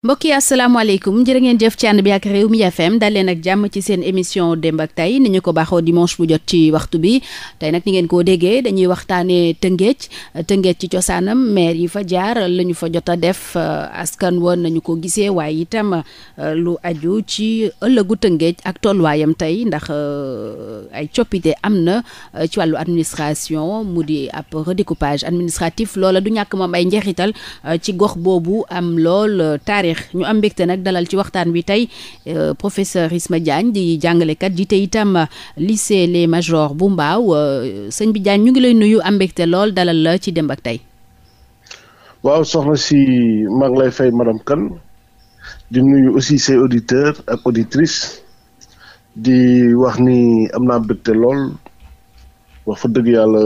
mbokk yi asalaamaaleykum jërë ngeen jëf ci ànd bi ak réew mi FM dal leen ak jàmm ci seen émission démb ak tay ni ñu ko baaxoo dimanche bu jot ci waxtu bi tey nag ni ngeen koo déggee dañuy waxtaanee tëngeej tëngeej ci cosaanam maire yi fa jaar la ñu fa jot a def euh, askan woon nañu ko gisee waaye itam euh, lu aju ci ëllëgu tëngéej ak tolluwaayam tey ndax euh, ay coppite am na ci wàllu administration mu di ab redécoupage administratif loola du ñàkk moom ay njeexital ci gox boobu am lool taari ñu am mbégte nag dalal ci waxtaan wi tey euh, professeur Isma Diagne di jàngalekat jiite itam lycée Les Majors bu Mbaaw euh, sëñ bi Diagne ñu ngi lay nuyu am mbégte lool dalal la ci Demb ak tey waaw soxna si maa ngi lay fay madame di nuyu aussi say auditeurs ak auditrice di wax ni am naa mbégte lool wax fa dëgg yàlla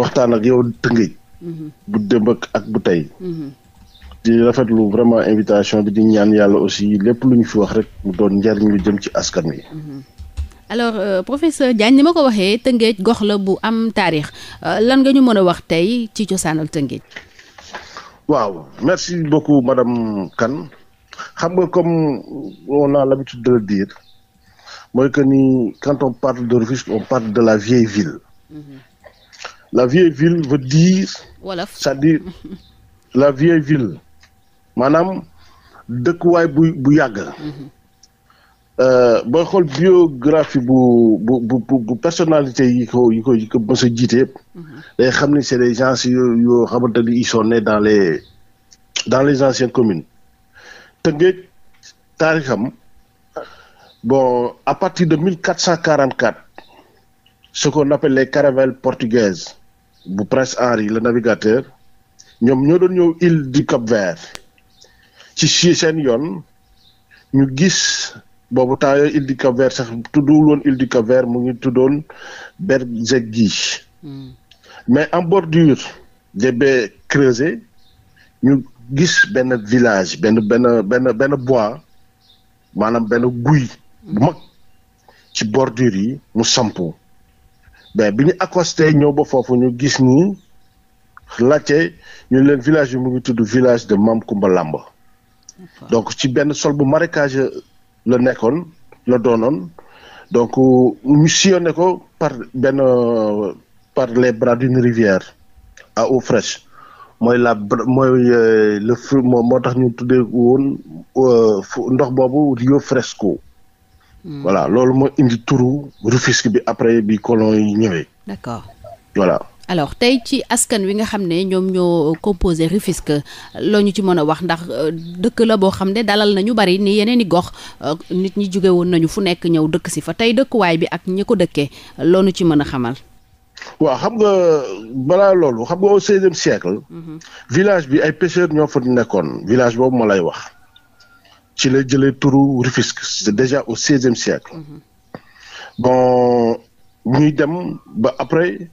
waxtaan ak yow tëngëj. Mm-hmm. bu démb ak bu tey. Mm-hmm. di rafetlu vraiment invitation bi di ñaan yàlla aussi lépp lu ñu fi wax rek mu doon njariñ lu jëm ci askan wi. Mm-hmm. alors euh, professeur Diagne ni ma ko waxee Tëngéej gox la bu am taarix euh, lan nga ñu mën a wax tey ci cosaanal Tëngéej. waaw merci beaucoup madame kan xam nga comme on a l'habitude de le dire mooy que ni quand on parle de Rufisque on parle de la vieille ville. Mm-hmm. la vieille ville veut dire. wolof cest à la vieille ville maanaam dëkkuwaay bu bu yàgg. Euh, booy xool biographie bu bu bu bu yi ko yi ko yi ko mos a jiite yëpp. xam ni c'est des gens yoo yoo xamante ni ils sont dans les dans les anciennes communes Tëngéej taarixam bon à partir de mille quatre cent quarante quatre ce qu'on appelle les caravelles portugaises bu prince Henri le navigateur ñoom ñoo doon ñëw île du Cap-Vert ci seen yoon ñu gis boobu temps yooyu île du Cap-Vert sax tuddul woon île du Cap-Vert mu ngi tuddoon Berzegui hmm. mais en bordure des baies creusées ñu gis benn village benn benn benn benn bois maanaam benn guy bu hmm. mag ci bordure yi mu sampu mais bi ñu accosté ñëw ba foofu ñu gis ni laajte ñu leen village bi mu ngi tudd village de Mam Kumba Lamba donc ci benn sol bu marécage la nekkoon la doonoon donc ñu sillonné ko par benn par les bras d'une rivière à eau fraîche mooy la mooy euh, le fleuve moo tax ñu tuddee woon euh, ndox boobu Rio Fresco. Hmm. voilà loolu moo indi turu Rufisque bi après bi colon yi ñëwee. d'accord alors tey ci askan wi nga xam ne ñoom ñoo composé Rufisque loo ñu ci mën a wax ndax euh, dëkk la boo xam ne dalal na ñu bari ni yeneen i gox euh, nit ñi jóge woon nañu fu nekk ñëw dëkk si fa tey dëkkuwaay bi ak ñi ko dëkkee loo ñu ci mën a xamal. waaw xam nga balaa loolu xam nga au seizième siècle. Mhm. village bi ay pêcheurs ñoo fa nekkoon village boobu ma lay wax. ci la jëlee turu Rufisque c'est déjà au seizième siècle. Mhm. bon ñuy dem ba après.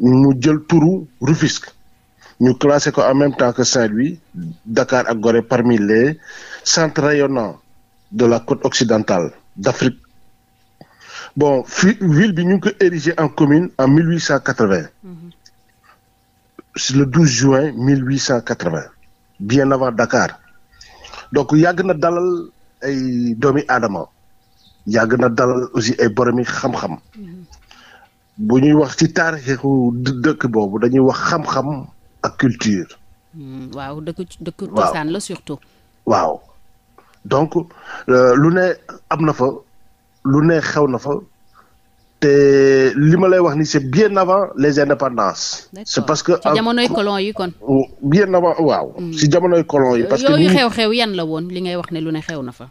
mu jël turu Rufisque ñu classé ko en même temps que Saint-Louis Dakar ak Gorée parmi les centres rayonnants de la côte occidentale d'Afrique bon fi ville bi ñu ngi ko érigé en commune en 1880 le 12 juin 1880 bien avant Dakar donc yàgg na dalal ay doomi aadama yàgg na dalal aussi ay boromi xam-xam. Mm-hmm. bu ñuy wax ci taarixu dëkk boobu dañuy wax xam-xam ak culture. Hmm, waaw dëkk dëkk cosaan la surtout. waaw donc euh, lu ne am na fa lu ne xew na fa te li ma lay wax ni c'est bien avant les indépendances. c'est parce que ci jamonoy colon yi kon. Oh, bien avant waaw. Hmm. ci jamonoy colon yi. parce que yooyu xew-xew yan la woon li ngay wax ne lu ne xew na fa.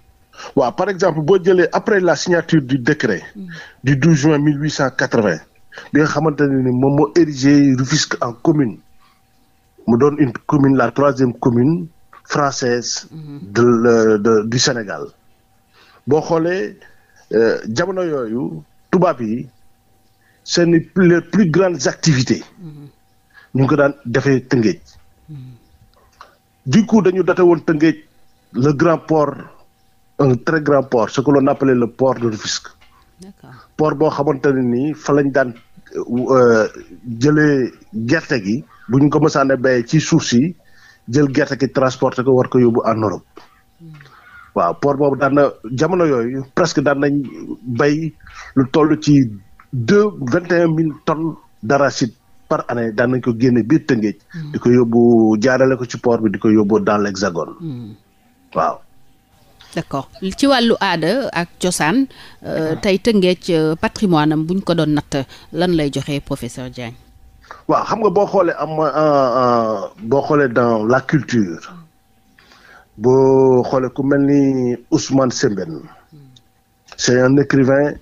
waaw par exemple boo jëlee après la signature du décret. Hmm. du 12 juin 1880. bi nga xamante ne ni moom moo érigé Rufisque en commune mu doon une commune la troisième commune française mm-hmm. de, le, euh, du Sénégal boo xoolee euh, jamono yooyu tubaab yi seen les plus grandes activités mm-hmm. ñu ngi ko daan defee Tëngéej mm-hmm. du coup dañu date woon Tëngéej le grand port un très grand port ce que l'on appelait le port de Rufisque port boo xamante ne nii fa lañ daan euh, jëlee gerte gi bu ñu ko mësaan a béyee ci suuf si jël gerte gi transporté ko war ko yóbbu en Europe hmm. waaw port boobu daan na jamono yooyu presque daan nañ béy lu toll ci deux vingt et un mille tonnes d'arachide par année daan nañ ko génne biir Tëngéej. Hmm. di ko yóbbu jaarale ko ci port bi di ko yóbbu dans l'Hexagone hmm. waaw d'accord ci wàllu aada ak cosaan euh, ah. tey Tëngéej euh, patrimoine am bu ñu ko doon natt lan lay joxe professeur Diagne. waaw xam nga boo xoolee am euh, boo xoolee dans la culture boo xoolee ku mel ni Ousmane Sembène c'est un écrivain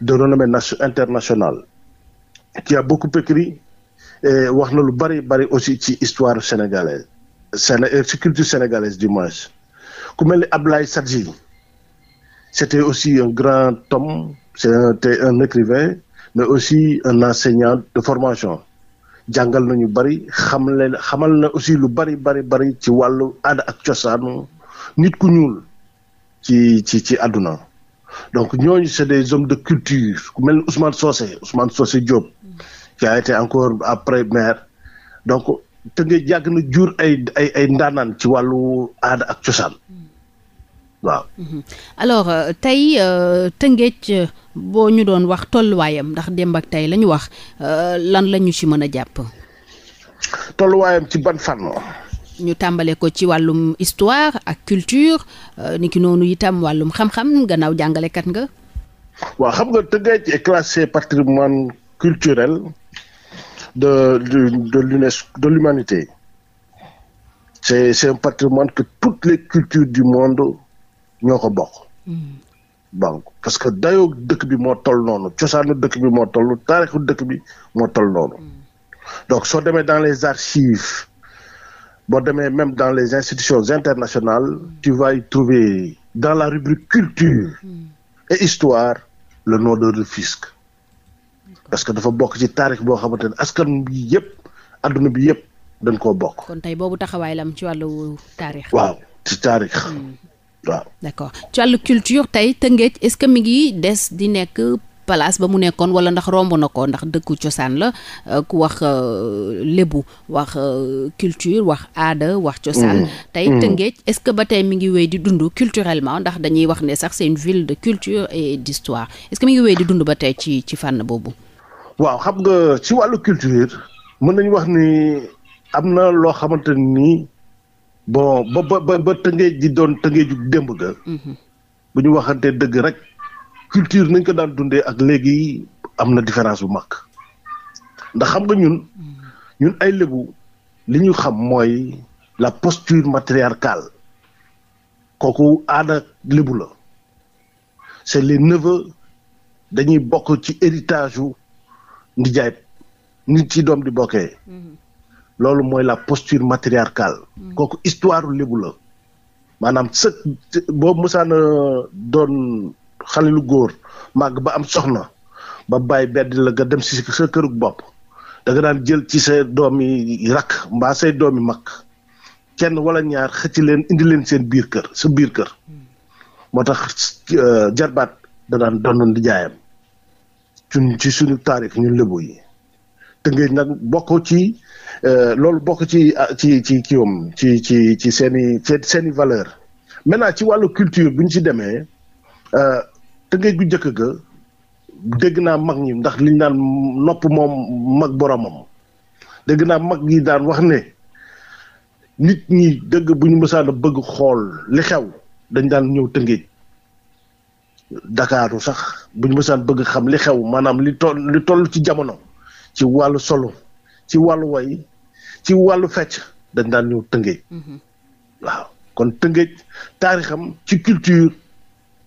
de renommée internationale qui a beaucoup écrit wax na lu bari bari aussi ci histoire sénégalaise Séné ci culture sénégalaise du moins. ku mel ni Abdoulaye Sadji c'était aussi un grand homme c'était un écrivain mais aussi un enseignant de formation jàngal nañu bari xam leen xamal na aussi lu bari bari bari ci wàllu aada ak cosaanu nit ku ñuul ci ci ci àdduna donc ñooñu c'est des hommes de culture ku mel ni Ousmane soose Ousmane Socé Diop qui a encore après maire donc te nga yàgg na jur ay ay ay ndaanaan ci wàllu aada ak cosaan waaw. Mhm. alors euh, tey euh, Tëngéej euh, boo ñu doon wax tolluwaayam ndax démb ak tey la ñu wax lan lañu ñu ci mën a jàpp. tolluwaayam ci ban fànn. ñu tàmbale ko ci wàllum histoire ak culture ki noonu itam wàllum xam-xam gannaaw jàngalekat nga. waaw xam nga Tëngéej est classé patrimoine culturel de de de l'UNESCO de l'humanité c'est c'est un patrimoine que toutes les cultures du monde. ñoo ko bokk. bon parce que dayoo dëkk bi moo toll noonu cosaanu dëkk bi moo toll taarixu dëkk bi moo toll noonu. donc soo demee dans les archives boo demee même dans les institutions internationales mm. tu vas trouver dans la rubrique culture mm. et histoire le nom de parce que dafa bokk ci taarix boo xamante ne askan bi yëpp adduna bi yëpp dan koo bokk. kon tey boobu taxawaay la ci wàllu taarix. Hmm. waaw d'accord ci wàllu culture tey Tëngéej est-ce que mi ngi des di nekk place ba mu nekkoon wala ndax romb na ko ndax dëkku cosaan la euh, ku wax euh, lébu wax euh, culture wax aada wax cosaan mm-hmm. tey mm-hmm. Tëngéej est-ce que ba tey mi ngi wéy di dund culturellement ndax dañuy wax ne sax seen ville de culture et d'histoire est-ce que mi ngi wéy di dundu ba tey ci ci fànn boobu waaw xam nga ci wàllu culture mën nañu wax ni am na loo xamante ni bon ba ba ba tëngee ji doon tëngee ju démb ga. Mhm. bu ñu waxantee dëgg rek culture nañ ko daan dundee ak léegi am na différence bu mag ndax xam nga ñun mhm. ñun ay lébu li ñu xam mooy la posture matriarcale kooku aada lébu la c'est les neveux dañuy bokk ci héritage yu ndijaay nit ci doom di bokkee. Mhm. loolu mooy la posture matriarcale mm. kooku histoire lébu la maanaam së boo musaana doon xale lu góor màgg ba am soxna ba bàyyi bedd la nga dem si sa kërug bopp danga daan jël ci say doom yi rakk mbaa say doom yi mag kenn wala ñaar xëcc leen indi leen seen biir kër sa biir kër mm. moo tax euh, jarbaat danaan daan donn di jaayam ci suñu taarix ñun lébu yi te nag bokkoo ci Euh, loolu bokk ci ah, ci ci kiwam ci ci ci seen i seen valeur maintenant ci wàllu culture bu ñu ci demee euh, tënkee gu njëkk ga dégg naa mag ñi ndax liñ naan nopp moom mag boromam dégg naa mag yi daan wax ne nit ñi dëgg bu ñu mësaan bëgg xool li xew dañ daan ñëw tëngéej dakaaru sax bu ñu mësaan bëgg xam li xew maanaam li toll li toll ci jamono ci wàllu solo ci wàllu way ci wàllu fecc dañ daan ñëw tëngéej mhm. waaw kon tëngéej taarixam ci culture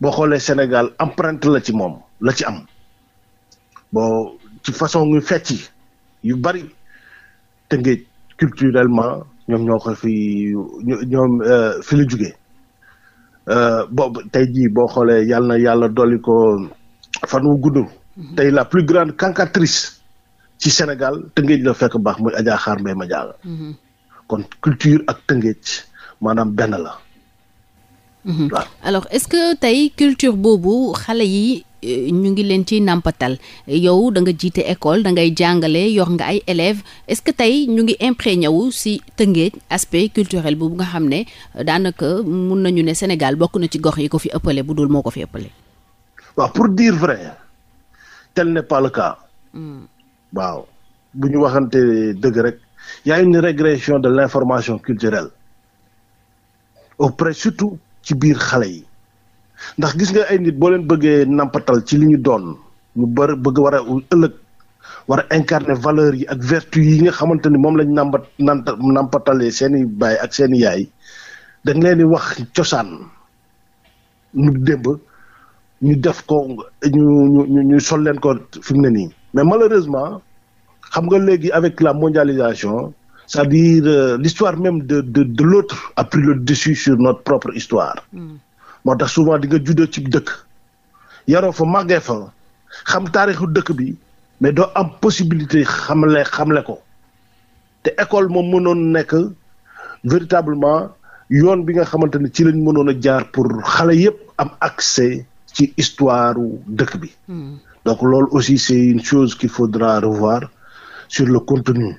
boo xoolee Sénégal empreinte la ci moom la ci am bon ci façon ñu fecc yu bari tëngéej culturellement ñoom ñoo ko fi ñoom euh, fi la jugee euh, boobu tey jii boo xoolee yàlla na yàlla dolli ko fan wu gudd. Mhm. tey la plus grande cantatrice ci Sénégal tëngeej la fekk baax muy Adja Xaar Mbaye Madiaga mhm. kon culture ak tëngeej maanaam benn la. Mhm. waaw alors est-ce que tey culture boobu xale yi euh, ñu ngi leen ci nàmpatal yow da nga jiite école da ngay jàngale yor nga ay élèves est-ce que tey ñu ngi imprégné wu si tëngeej aspect culturel boobu nga xam ne euh, daanaka mun nañu ne Sénégal bokk na ci gox yi ko fi ëppale bu dul moo ko fi ëppale. waaw pour dire vrai tel n'est pas waaw bu ñu waxante dëgg rek y a une régression de l'information culturelle auprès surtout ci biir xale yi ndax gis nga ay nit boo leen bëggee nampatal ci li ñu doon ñu bëri bëgg war u ëllëg war a incarner valeurs yi ak vertu yi nga xamante ni moom lañ nambat nanta nampatalee seeni baay ak seeni yaay dañ leen di wax cosaan ñu démb ñu def ko ñu ñu ñu sol leen ko fi mu ne nii mais malheureusement xam nga léegi avec la mondialisation c'est-à-dire euh, l'histoire même de de de l'autre a pris le dessus sur notre propre histoire. Hmm. moo tax souvent di nga juddoo ci dëkk. yaroo fa màggee fa xam taarixu dëkk bi mais doo am possibilité xamle xamle ko te école moom mënoon nekk véritablement yoon bi nga xamante ne ci lañ mënoon a jaar pour xale yépp am accès ci histoire dëkk bi. Hmm. donc loolu aussi c'est une chose qu'il faudra revoir sur le contenu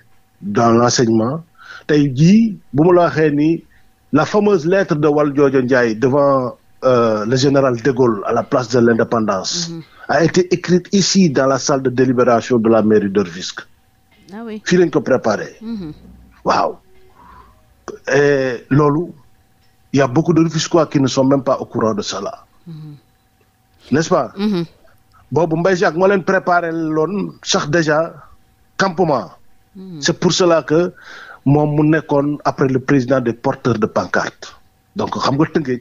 dans l'enseignement tey jii bu ma la waxee ni la fameuse lettre de Valdiodio Ndiaye devant euh, le général de Gaulle à la place de l'indépendance mm -hmm. a été écrite ici dans la salle de délibération de la mairie d'Rufisque ah oui préparé mm et loolu il y a beaucoup de Rufisquois qui ne sont même pas au courant de cela mhm. n'est-ce pas mhm. boobu Mbaye Jacques moo leen préparé loon sax déjà campement. Hmm. c' est pour cela que moom mu nekkoon après le président des porteurs de pancarte donc xam nga Tëngéej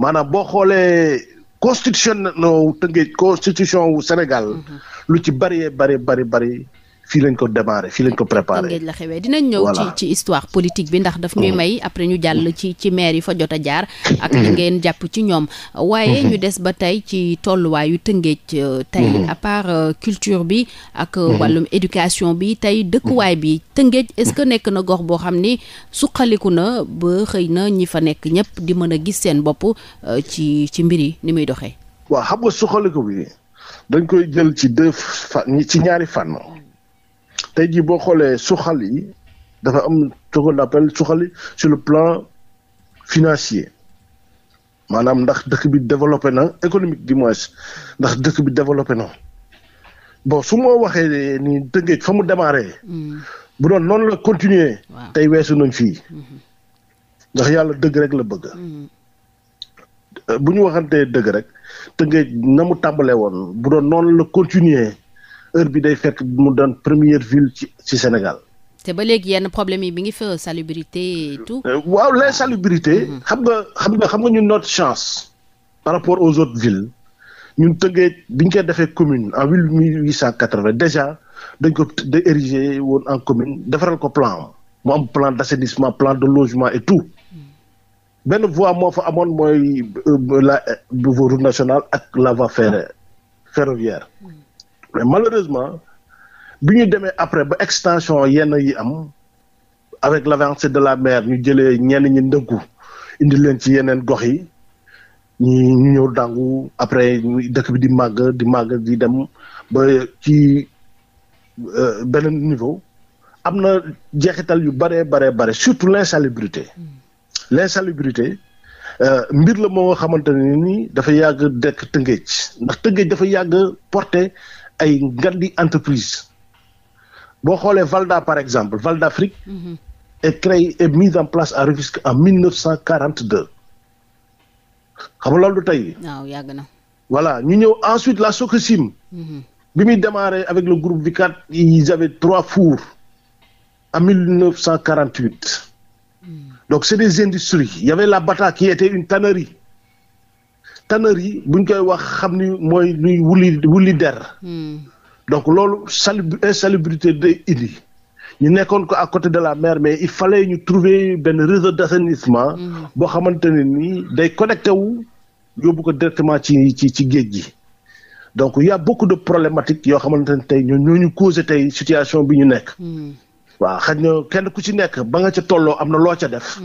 maanaam boo xoolee constitution no Tëngéej constitution wu Sénégal. Hmm. lu ci bari bari bari bari fii lañ ko démarré fii lañ ko préparé. la xewee dinañ ñëw ci histoire politique bi ndax daf ñuy mm. may après ñu jàll ci ci maire yi fa jot a jaar. ak li mm. ngeen jàpp ci ñoom. waaye mm-hmm. ñu des ba tey ci tolluwaayu Tëngéej. Euh, tey mm-hmm. à part euh, culture bi ak euh, mm-hmm. wàllum éducation bi tey dëkkuwaay bi Tëngéej est-ce que nekk na gox boo xam ni suqaliku na ba xëy na ñi fa nekk ñëpp di mën a gis seen bopp ci ci yi ni muy doxee. waaw xam nga suqaliku bi dañ koy jël ci deux fa ci ñaari tey jii boo xoolee suxal yi dafa am ce qu'on appelle suxali sur plan financier maanaam ndax dëkk bi développé na économique du moins ndax dëkk bi développé na bon su ma waxee ni dëgg fa mu démarré. Hmm. bu doon noonu la continuer tey weesu nañ fii hmm. ndax yàlla dëgg rek la bëgg. Hmm. Euh, bu ñu waxantee dëgg rek tëngéej na mu tàmbalee woon bu doon noonu la continuer heure bi day fekk mu doon première ville ci ci Sénégal. te ba léegi yenn problème yi bi ngi fa salubrité et euh, tout. waaw les salubrité mm-hmm. xam nga xam nga xam nga ñun notre chance. par rapport aux autres villes ñun Tëngéej bi ñu koy defee commune en mille huit cent quatre-vingt déjà dañ ko de érigé woon en commune defaral ko plan mu am plan d'assainissement plan de logement et tout. Mm. benn voie moo fa amoon mooy euh, la euh, route nationale ak la voie ferroviaire. Mm. mais malheureusement bi ñu demee après ba extension yenn yi am avec l'avancée de la mer ñu jëlee ñenn ñi ndëggu indi leen ci yeneen gox yi ñi ñu ñëw dàngu après dëkk bi di màgg di màgg di dem ba ci euh, beneen niveau am na jeexital yu bare bare bare surtout l'insalubrité l'insalubrité euh, mbir la moo nga xamante ne ni dafa yàgg dekk tëngéej ndax tëngéej dafa yàgg porté ay ngandi entreprise boo xoolee Valda par exemple Valda Afrique mm -hmm. et mise en place à Rufisque en 1942 xam nga loolu du tey. waaw yàgg na. voilà ñu ñëw ensuite la Sococim. Mhm. bi muy démarré avec le groupe Vicat ils avaient trois fours en 1948 mhm. donc c'est des industries il y avait la Bata qui était une tannerie. taneur yi buñ koy wax xam ni mooy nuy wuli wuli der. Hmm. donc loolu salubi insalubrité de indi. ñu nekkoon ko ak côté de la mer mais il fallait ñu trouver benn réseau d' assainissement. Hmm. boo xamante ne nii day connecté wu yóbbu ko directement ci ci ci géej gi. donc y' a beaucoup de problématiques yoo xamante ne tey ñoo ñoo ñu causé tey situation bi ñu nekk. Hmm. waaw xaj na kenn ku ci nekk ba nga ca tolloo am na loo ca def.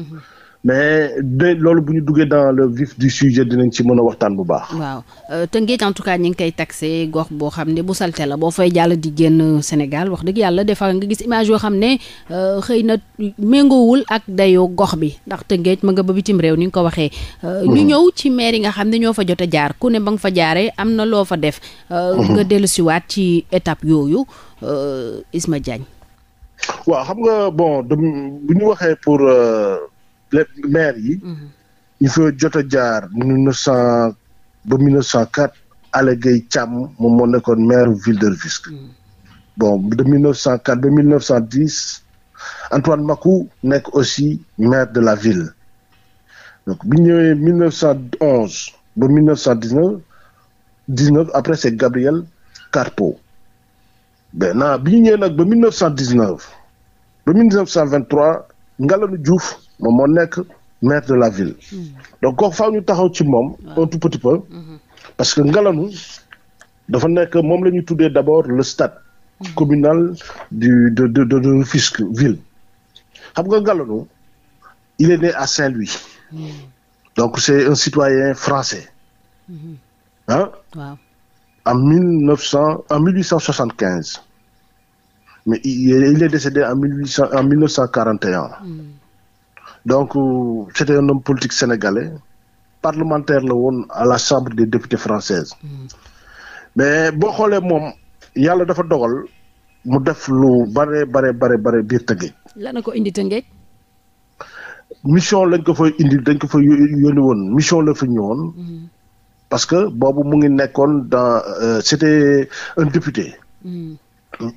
mais de loolu bu ñu duggee dans le vif du sujet dinañ ci mën a waxtaan bu baax. waaw euh, Tëngéej en ñi ngi koy taxé gox boo xam ne bu salte la boo fay jàll di génn Sénégal wax dëgg yàlla des nga gis image yoo xam ne euh, xëy na méngoowul ak dayoo gox bi ndax Tëngéej ma nga ba bitim réew ni nga ko waxee. Euh, mhm. ñëw ci maire yi nga xam ne ñoo fa jot a jaar ku ne ba nga fa jaaree am na loo fa def. Mhm. nga dellusiwaat ci étape yooyu Isma jañ waaw xam nga bon bu ñu waxee pour. maire yi. ñu mhm. fa jot jaar mille ba mille neuf cent quatre Alla Gaye Thiam moom moo nekkoon maire ville de Rufisque. Mhm. bon de mille neuf cent quatre ba mille neuf cent dix Antoine Makou nekk aussi maire de la ville donc bi ñëwee mille neuf cent onze ba mille neuf cent dix neuf dix neuf après c'est Gabriel Carpo maintenant bi ñu ñëwee nag ba mille neuf cent dix neuf ba mille neuf cent vingt trois Ngalani Diouf. moom moo nekk maire de la ville. donc kooku faaw ñu taxaw ci moom. un mm-hmm. parce que Ngalanu dafa nekk moom la ñuy tuddee d' abord le stade. Mm-hmm. communal du de de de de ville. xam nga Ngalanu il est né à Saint-Louis. Mm. donc c' est un citoyen français. ah. waaw en mille neuf cent en cent soixante quinze. mais il est décédé en mille huit cent en mille neuf cent donc euh, c'était un homme politique sénégalais parlementaire la woon à la chambre des députés française mm. mais boo xoolee moom yàlla dafa dogal mu def lu bare bare bare biir Tëngéej. lan la ko indi Tëngéej. mission lañ ko fay indi dañ ko fa yónni woon mission la fa ñëwoon. Mm. parce que boobu mu ngi nekkoon dans euh, c'était un député. Mm.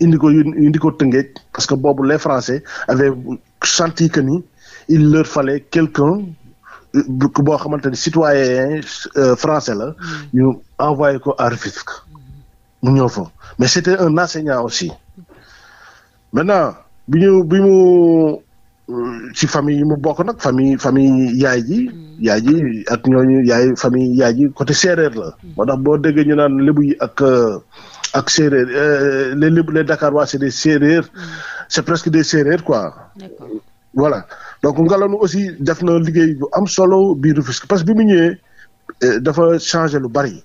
indi ko indi ko Tëngéej parce que boobu les Français avaient senti que nii il leur fallait quelqu'un euh, boo xamante ni citoyen euh, français la mm. ñu envoyé ko à Rufisque mu ñëw fa mais c'était un enseignant aussi maintenant bi ñu bi mu euh, ci famille yi mu bokk nag famille famille yaay ji mm. yaay ji ak ñooñu yaay famille yaay ji côté séeréer la mm. moo tax boo déggee ñu naan lébu yi ak ak séeréer les lébu les Dakar waa c'est des séeréer c'est presque des séeréer quoi voilà donc Ngalanu aussi def na liggéey bu am solo biir Rufisque parce que bi mu ñëwee eh, dafa changé lu bari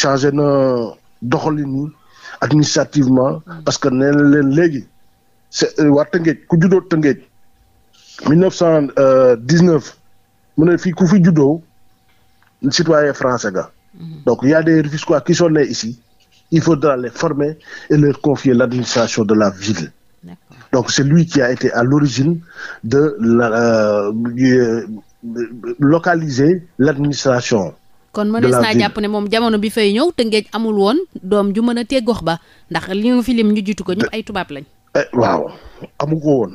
changé na doxalin yi administrativement parce que nee leen léegi c'est euh, waa Tëngéej ku juddoo Tëngéej mille cent euh, dix-neuf mu ne fii ku fi juddoo citoyen français ga mm-hmm. donc il y a des Rufisquois qui sont il faudra les former et leur confier l'administration de la ville Donc c'est ci qui a été à l'origine de la, euh, euh localiser l'administration. kon mënees naa jàpp ne moom jamono bi fay ñëw te ngeej amul woon doom ju mën a tee gox ba ndax li ñu fi lim ñu jiitu ko ñu ay tubaab lañ. Eh, waaw amu woon.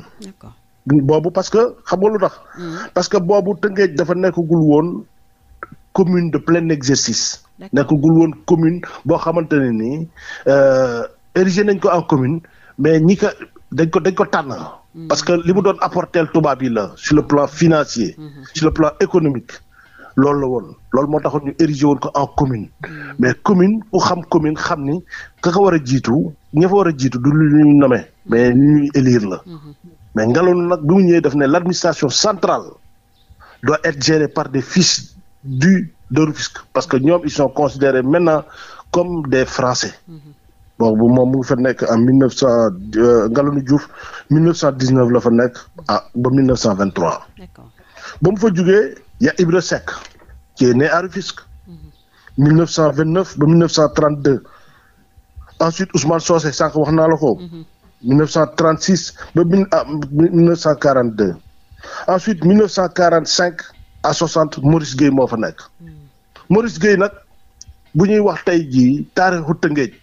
boobu parce que xam nga lu tax. Mm. parce que boobu Tëngéej dafa nekkagul woon commune de plein exercice. nekkagul woon commune boo xamante ne nii euh, érigé nañ ko en commune mais ñi ka dañ ko dañ ko tànn. Hmm. parce que li mu doon apporter tubaab yi la sur le plan financier. Hmm. sur le plan économique. loolu la woon loolu moo taxoon ñu érigé woon ko en commune. Hmm. mais commune ku xam commune xam ni ka ko war a jiitu ña fa war a jiitu du lu ñuy nommer mais ñu ñuy élire la. mais ngaloon nag bi mu ñëwee def ne l' centrale doit être gérée par des fils du de Rufisque parce que ñoom ils sont considérés maintenant comme des Français. boobu moom mu ngi fa nekk am mille neuf cent euh, Ngalandou Diouf la fa nekk ah ba mille mu fa jógee ya Ibra Seck qui est né à Rufisque mm-hmm. ba mille neuf cent trente deux ensuite Ousmane Socé sànq wax naa la ko. Mm-hmm. mille neuf cent trente ah, neuf cent quarante deux ensuite mille neuf cent quarante cinq à soixante Maurice Gueye moo fa nekk mm. Maurice Gueye nag bu ñuy wax tey ji taarixu Tëngéej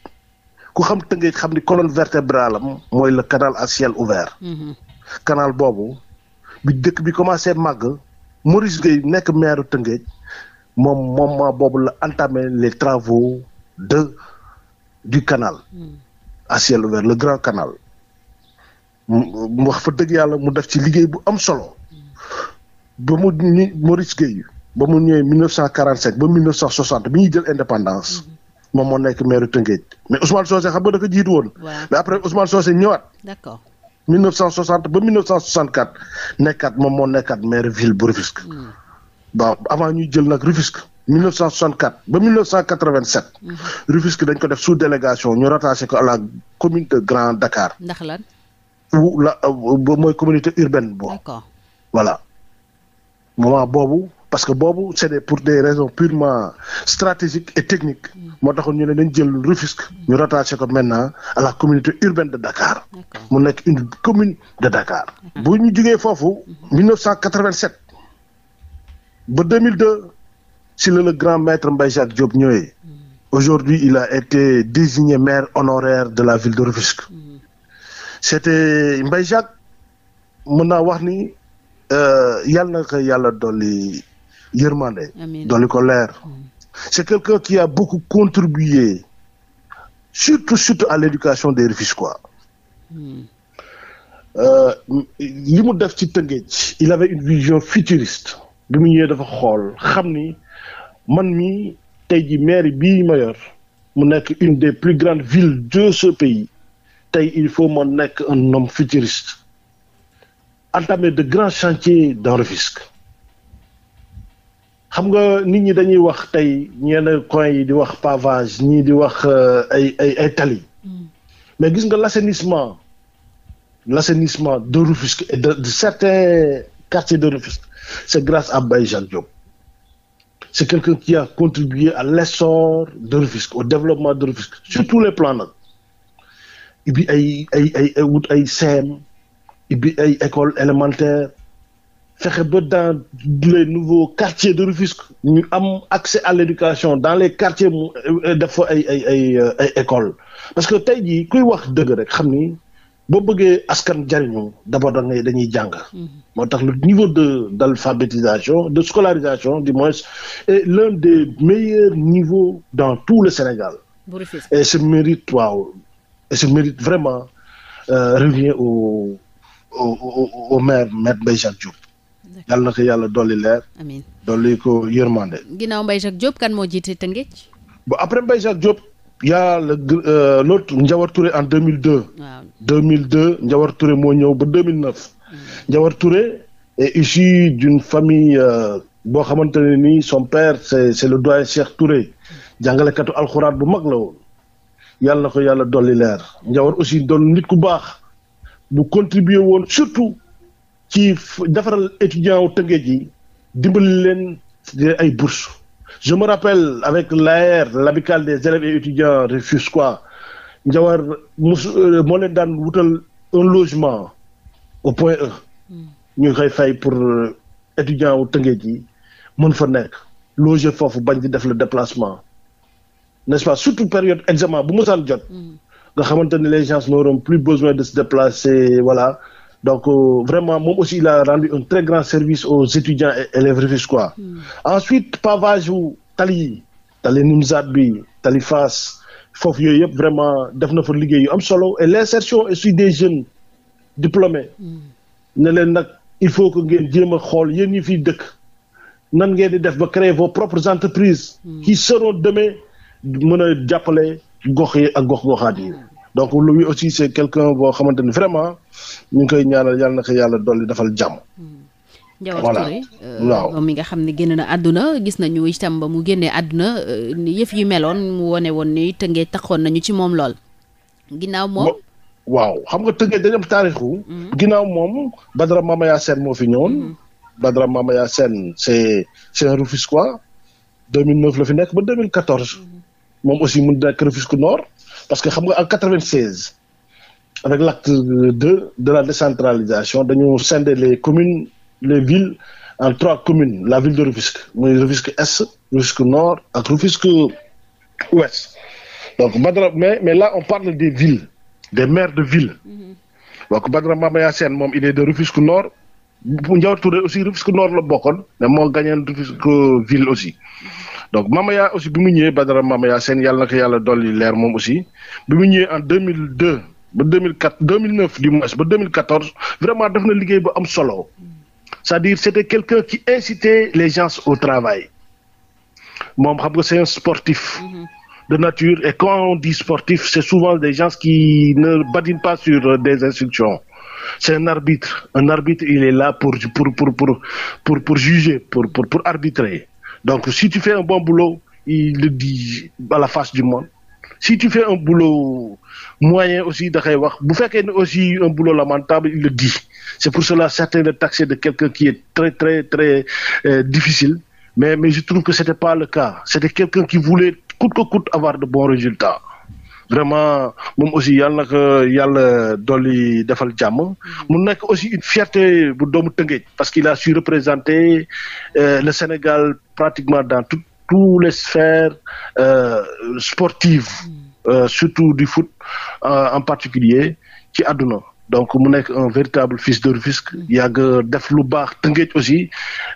ku xam tëngee xam ni colonne vertébrale am mooy le canal à ciel ouvert. Mhm. canal boobu bi dëkk bi commencé màgg Maurice Gueye nekk maire Tëngéej moom moom moment boobu la entamé le travaux de du canal. Mhm. à ciel ouvert le grand canal. mu wax fa dëgg yàlla mu def ci liggéey bu am solo. Mhm. ba mu ñu Maurice Gueye ba mu ñëwee 1947 ba 1960 bi ñuy jël indépendance. moom moo nekk maire Tëngéej mais Ousmane Socé xam nga dafa jiitu woon. mais après Ousmane Socé ñëwaat. d'accord 1960 ba 1964 nekkaat moom moo nekkaat maire ville bu Rufisque. Hmm. waaw avant ñuy jël nag Rufisque 1964 ba 1987. Hmm. Rufisque dañ ko def sous délégation ñu rattaché ko la commune de Grand Dakar. ndax lan. wu la euh, mooy communauté urbaine bo voilà moment boobu parce que boobu c'est pour des raisons purement stratégiques et techniques moo taxoon ñu ne dañ jël Rufisque ñu rattaché ko maintenant à la communauté urbaine de Dakar mu nekk une commune de Dakar bu ñu jugee foofu 1987 ba 2002 si le grand maître Mbaye Jacques Diop ñëwee mm. aujourd'hui il a été désigné maire honoraire de la ville de Rufisque mm. c'était Mbaye Jacques mën naa wax ni euh, yàlla na ko yàlla dolli yërmande dolli ko leer mm. c'est quelqu'un qui a beaucoup contribué surtout surtout à l'éducation des Rufisquois mm. euh, li mu def ci Tëngéej il avait une vision futuriste bi mu ñëwee dafa xool xam ni man mii tey ji maire bii ma mu nekk une des plus grandes villes de ce pays tey il faut ma nekk un homme futuriste entamer de grands chantiers dans Rufisque xam nga nit ñi dañuy wax tey ñenn coin yi di wax pavage ñii di wax euh, ay ay ay tali hmm. mais gis nga l'assainissement l'assainissement de Rufisque et de, de certains quartiers de Rufisque c'est grâce à Baye Jean Diop c'est quelqu'un qui a contribué à l'essor de Rufisque au développement de Rufisque surtout les plans nag ay ay ay ay CEM ibi ay école élémentaire fexe ba dans les nouveaux quartiers de Rufisque ñu am accès à l'éducation dans les quartiers mu euh, euh, def fa ay ay ay euh, ay école parce que tey jii kuy wax dëgg rek xam ni boo bëggee askan jariñu d'abord da ngay dañuy jàng. Mm-hmm. moo tax le niveau de d'alphabétisation de scolarisation du moins est l'un des meilleurs niveaux dans tout le Sénégal. et ce mérite waaw vraiment euh, revient au au au au maire Maître Mbaye Jacques yàlla na ko yàlla dolli leer. amiin dolli ko yërmande. ginnaaw Mbaye Jacques Diop kan moo jiite Tëngéej. bon après Mbaye Jacques Diop. y a le euh, l'autre Ndiawar Touré en 2002. waaw 2002 Ndiawar Touré moo ñëw ba 2009. Ndiawar Touré est issu d'une famille euh, boo xamante ne ni son père c'est c'est le doyen Cheikh Touré jàngalekatu alxuraat bu mag la woon yàlla na ko yàlla dolli leer Ndiawar aussi doon nit ku baax bu contribuer woon surtout. ci defaral étudiants wu Tëngéej yi dimbali leen ay bourses je me rappelle avec l'AER l'amicale des élèves et étudiants Rufisquois Njawar mus euh, moo leen daan wutal un logement au point E hmm. ñu koy fay pour euh, étudiants wu Tëngéej yi mën fa nekk loger foofu bañ di def le déplacement n'est-ce pas surtout période examen bu mosaan jot hmm. nga xamante les gens n'auront plus besoin de se déplacer voilà donc euh, vraiment moom aussi il a rendu un très grand service aux étudiants et élèves rufisquois hmm. ensuite pavage wu tali yi tali Nimzatt bi tali Fass foofu yooyu yëpp vraiment def na fa liggéey yu am solo et l'insertion aussi des jeunes diplômés hmm. ne leen nag il faut que ngeen jéem a xool yéen ñi fi dëkk nan ngeen di def ba créer vos propres entreprises hmm. qui seront demain mën a jàppale gox yi ak gox goxaat yi donc lui aussi c' est quelqu'un boo xamante ni vraiment ñu ngi koy ñaanal yàlla na ko yàlla dolli defal jàmm. Hmm. voilà euh, waaw mi nga xam ne génn na àdduna gis nañu itam ba mu génnee àdduna euh, yëf yu meloon mu wone woon ni tëngee taxoon nañu ci moom lool. ginnaaw moom waaw xam nga tëngee dañu am taarixu. moom moom Badara Mamaya Sène moo fi ñëwoon. Hmm. Badara Mamaya Sène c' est c' est un la fi nekk ba 2014. Hmm. moom aussi mu nekk ku Nord. parce que xam nga en quatre-vingt-seize avec l'acte deux de la décentralisation dañu scinder les communes les villes en trois communes la ville de Rufisque muy Rufisque Est Rufisque Nord ak Rufisque Ouest donc Badara mais mais là on parle des villes des maires de ville mm-hmm. donc Badara Mamaya Sène moom il est de Rufisque Nord Ndiaw Touré aussi Rufisque Nord la bokkoon mais moo gagné Rufisque ville aussi mm-hmm. donc Mamaya aussi bi mu ñëwee Badara Mamaya seen yàlla na ko yàlla dolli leer moom aussi bi mu ñëwee en 2002 ba 2004 2009 du moins ba 2014 vraiment def na liggéey bu am solo c'est-à-dire c'était quelqu'un qui incitait les gens au travail moom xam nga c'est un sportif. Mhm. de nature et quand on dit sportif c'est souvent des gens qui ne badinent pas sur des instructions c'est un arbitre un arbitre il est là pour pour pour pour pour, pour juger pour pour pour arbitrer. Donc, si tu fais un bon boulot, il le dit à la face du monde. Si tu fais un boulot moyen aussi, bu faites aussi un boulot lamentable, il le dit. C'est pour cela certains le taxer de quelqu'un qui est très, très, très euh, difficile. Mais, mais je trouve que ce n'était pas le cas. C'était quelqu'un qui voulait coûte que coûte avoir de bons résultats. vraiment moom aussi yàlla na ko yàlla dolli defal jàmm. Mm-hmm. mu nekk aussi une bu doomu Tëngéej. parce qu'il a su représenter euh, le Sénégal pratiquement dans tout tous les sphères euh, sportives. Mm-hmm. Euh, surtout du foot euh, en particulier ci àdduna. donc mu nekk un véritable fils de Rufisque mm-hmm. yàgg def lu baax Tëngéej aussi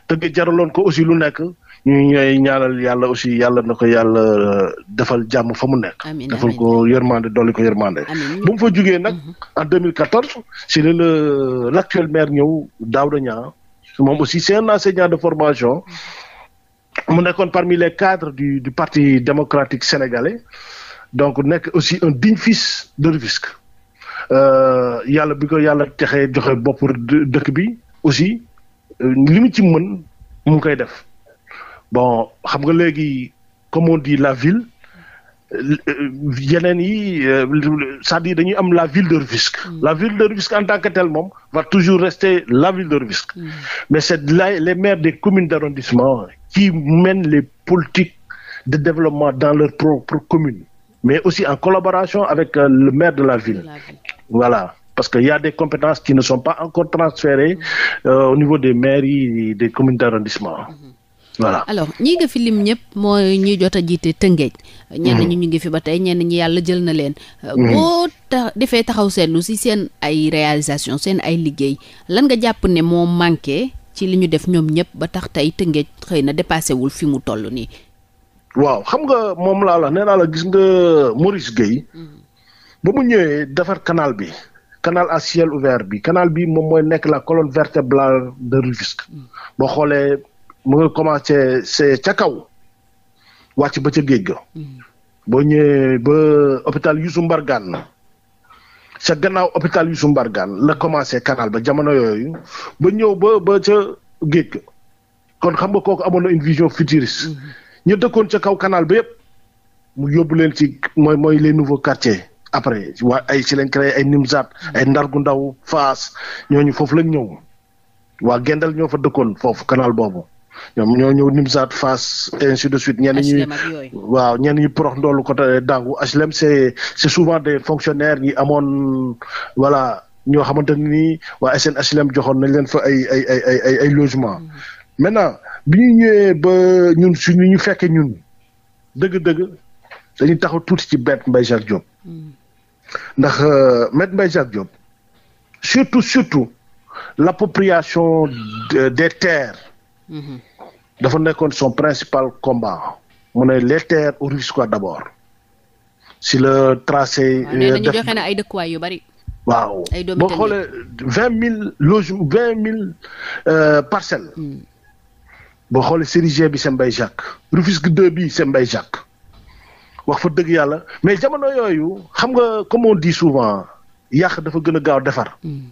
Tëngéej jaraloon ko aussi lu nekk. ñu ñooy ñaanal yàlla aussi yàlla na ko yàlla defal jàmm fa mu nekk. defal ko yërmande dolli ko yërmande. bu mu fa jugee nag mhm. en 2014 si la la l' actuel maire ñëw Daouda Niang moom aussi c' est un enseignant de formation. mu nekkoon parmi les cadres du du parti démocratique sénégalais donc nekk aussi un digne fils de Rufisque euh, yàlla bi ko yàlla texee joxe bopp dëkk bi aussi euh, limu mu ci mën mu koy def. bon xam nga léegi comme on la ville yeneen yi c'est-à-dire dañuy am la ville de Rufisque mm. la ville de Rufisque en tant que telle moom va toujours rester la ville de Rufisque mm. mais c'est les maires des communes d'arrondissement qui mènent les politiques de développement dans leur propre commune mais aussi en collaboration avec euh, le maire de la ville voilà parce que y a des compétences qui ne sont pas encore transférées mm. euh, au niveau des mairies des communes d'arrondissement mm-hmm. voilà alors ñii nga fi lim ñëpp mooy ñi jot a jiite Tëngéej. ñenn ñi mm-hmm. ñu ngi fi ba tey ñenn ñi yàlla jël na leen. Euh, mm-hmm. boo tax defee taxaw seetlu si seen ay réalisation seen ay liggéey lan nga jàpp ne moo manqué ci li ñu def ñoom ñëpp ba tax tey Tëngéej xëy na dépassé wul fi mu toll nii. waaw xam nga moom laa la nee naa la gis nga Maurice Guèye. Mm-hmm. ba mu ñëwee defar canal bi. canal à ciel ouvert bi canal bi moom mooy nekk la colonne vertébrale de Rufisque. boo xoolee. mu nga commencé c'est ca kaw wàcc ba ca géej ga. Hmm. ñëwee ba hôpital Youssou Mbargane sa gannaaw hôpital Youssou Mbargane la commencé canal ba jamono yooyu ba ñëw ba ba ca géej kon xam nga kooku amoon na une vision futuriste hmm. ñu dëkkoon ca kaw canal ba yëpp mu yóbbu leen ci mooy mooy les nouveaux quartiers après waa ay ci lañ créé ay Nimzat ay Ndargu Ndaw Faas ñooñu foofu la ñëw waa Gendal ñoo fa dëkkoon foofu canal boobu. ñoom ñoo ñëw Nimzaat Fass et ainsi de suite. ñenn waaw ñenn ñi porox ndoolu côté Dangu HLM c' souvent des fonctionnaire yi amoon voilà ñoo xamante nii waa SN HLM joxoon nañ leen fa ay ay ay ay logement mm-hmm. maintenant bi ñu ñëwee ba ñun suñu ñu fekkee ñun dëgg-dëgg dañuy taxaw tuuti ci bet Mbaye Jacques Diop. Mm-hmm. ndax euh, Maître Mbaye Jacques Diop surtout surtout l' appropriation des terres. Mm-hmm. dafa nekkoon son principal combat mu ne les terres au Rufisque d' abord si la tracé. Euh, def dañu joxe na ay dëkkuwaay yu bari. waaw boo xoolee vingt mille loge vingt mille euh, parcelles. Hmm. boo xoolee Série bi c'est Mbaye Jacques Rufisque 2 bi c'est Mbaye Jacques wax fa dëgg yàlla mais jamono yooyu xam nga comme on di souvent yàq dafa gën a gaaw defar. Hmm.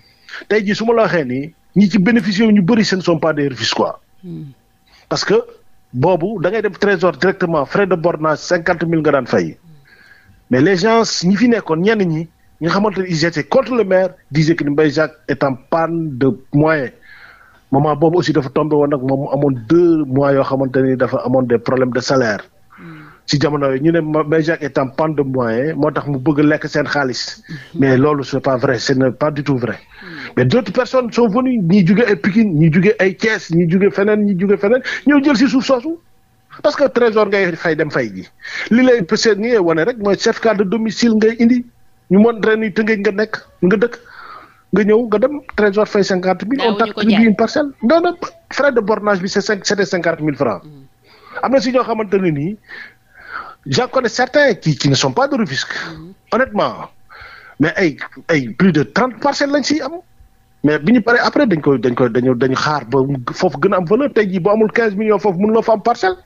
tey jii su ma la waxee nii ñi ci bénéficier wu ñu bëri seen sont pas des Rufisquois quoi. Hmm. parce que boobu dangay dem trésor directement frais de bornage cinquante mille nga daan fay mais les gens ñi fi nekkoon ñenn ñi ñi nga xamante ne ils étaient contre le maire disaient que Mbaye Jacques est en panne de moyens moment boobu aussi dafa tombé woon nag moom mu amoon deux mois yoo xamante ni dafa amoon des problèmes de salaire. ci jamono yi ñu ne Majak est en panne de moyens moo tax mu bëgg lekk seen xaalis mhm. mais loolu c'est pas vrai ce n'est pas du tout vrai mhm. mais d'autres personnes sont venues ñi jugee ay Pikine ñi jugee ay Thiès ñi jugee feneen ñi jugee feneen ñëw jël si suuf soosu parce que trésor ngay fay dem fay ji li lay pese ni wane rek mooy certificat de domicile ngay indi ñu montré ni tënkee nga nekk nga dëkk. nga ñëw nga dem trésor fay cinquante mille on t'attribue une parcelle non non frais de bornage bi c'est cinq c'était cinquante mille francs mm. xamante ne nii j'en connais certains qui qui ne sont pas de Rufisque mhm. honnêtement mais ay ay plus de trente parcelles lañ si am mais bi ñu paree après dañ koy dañ koy dañu dañu xaar ba foofu gën a am valeur tey jii boo amul quinze millions foofu mën loo fa am parcelle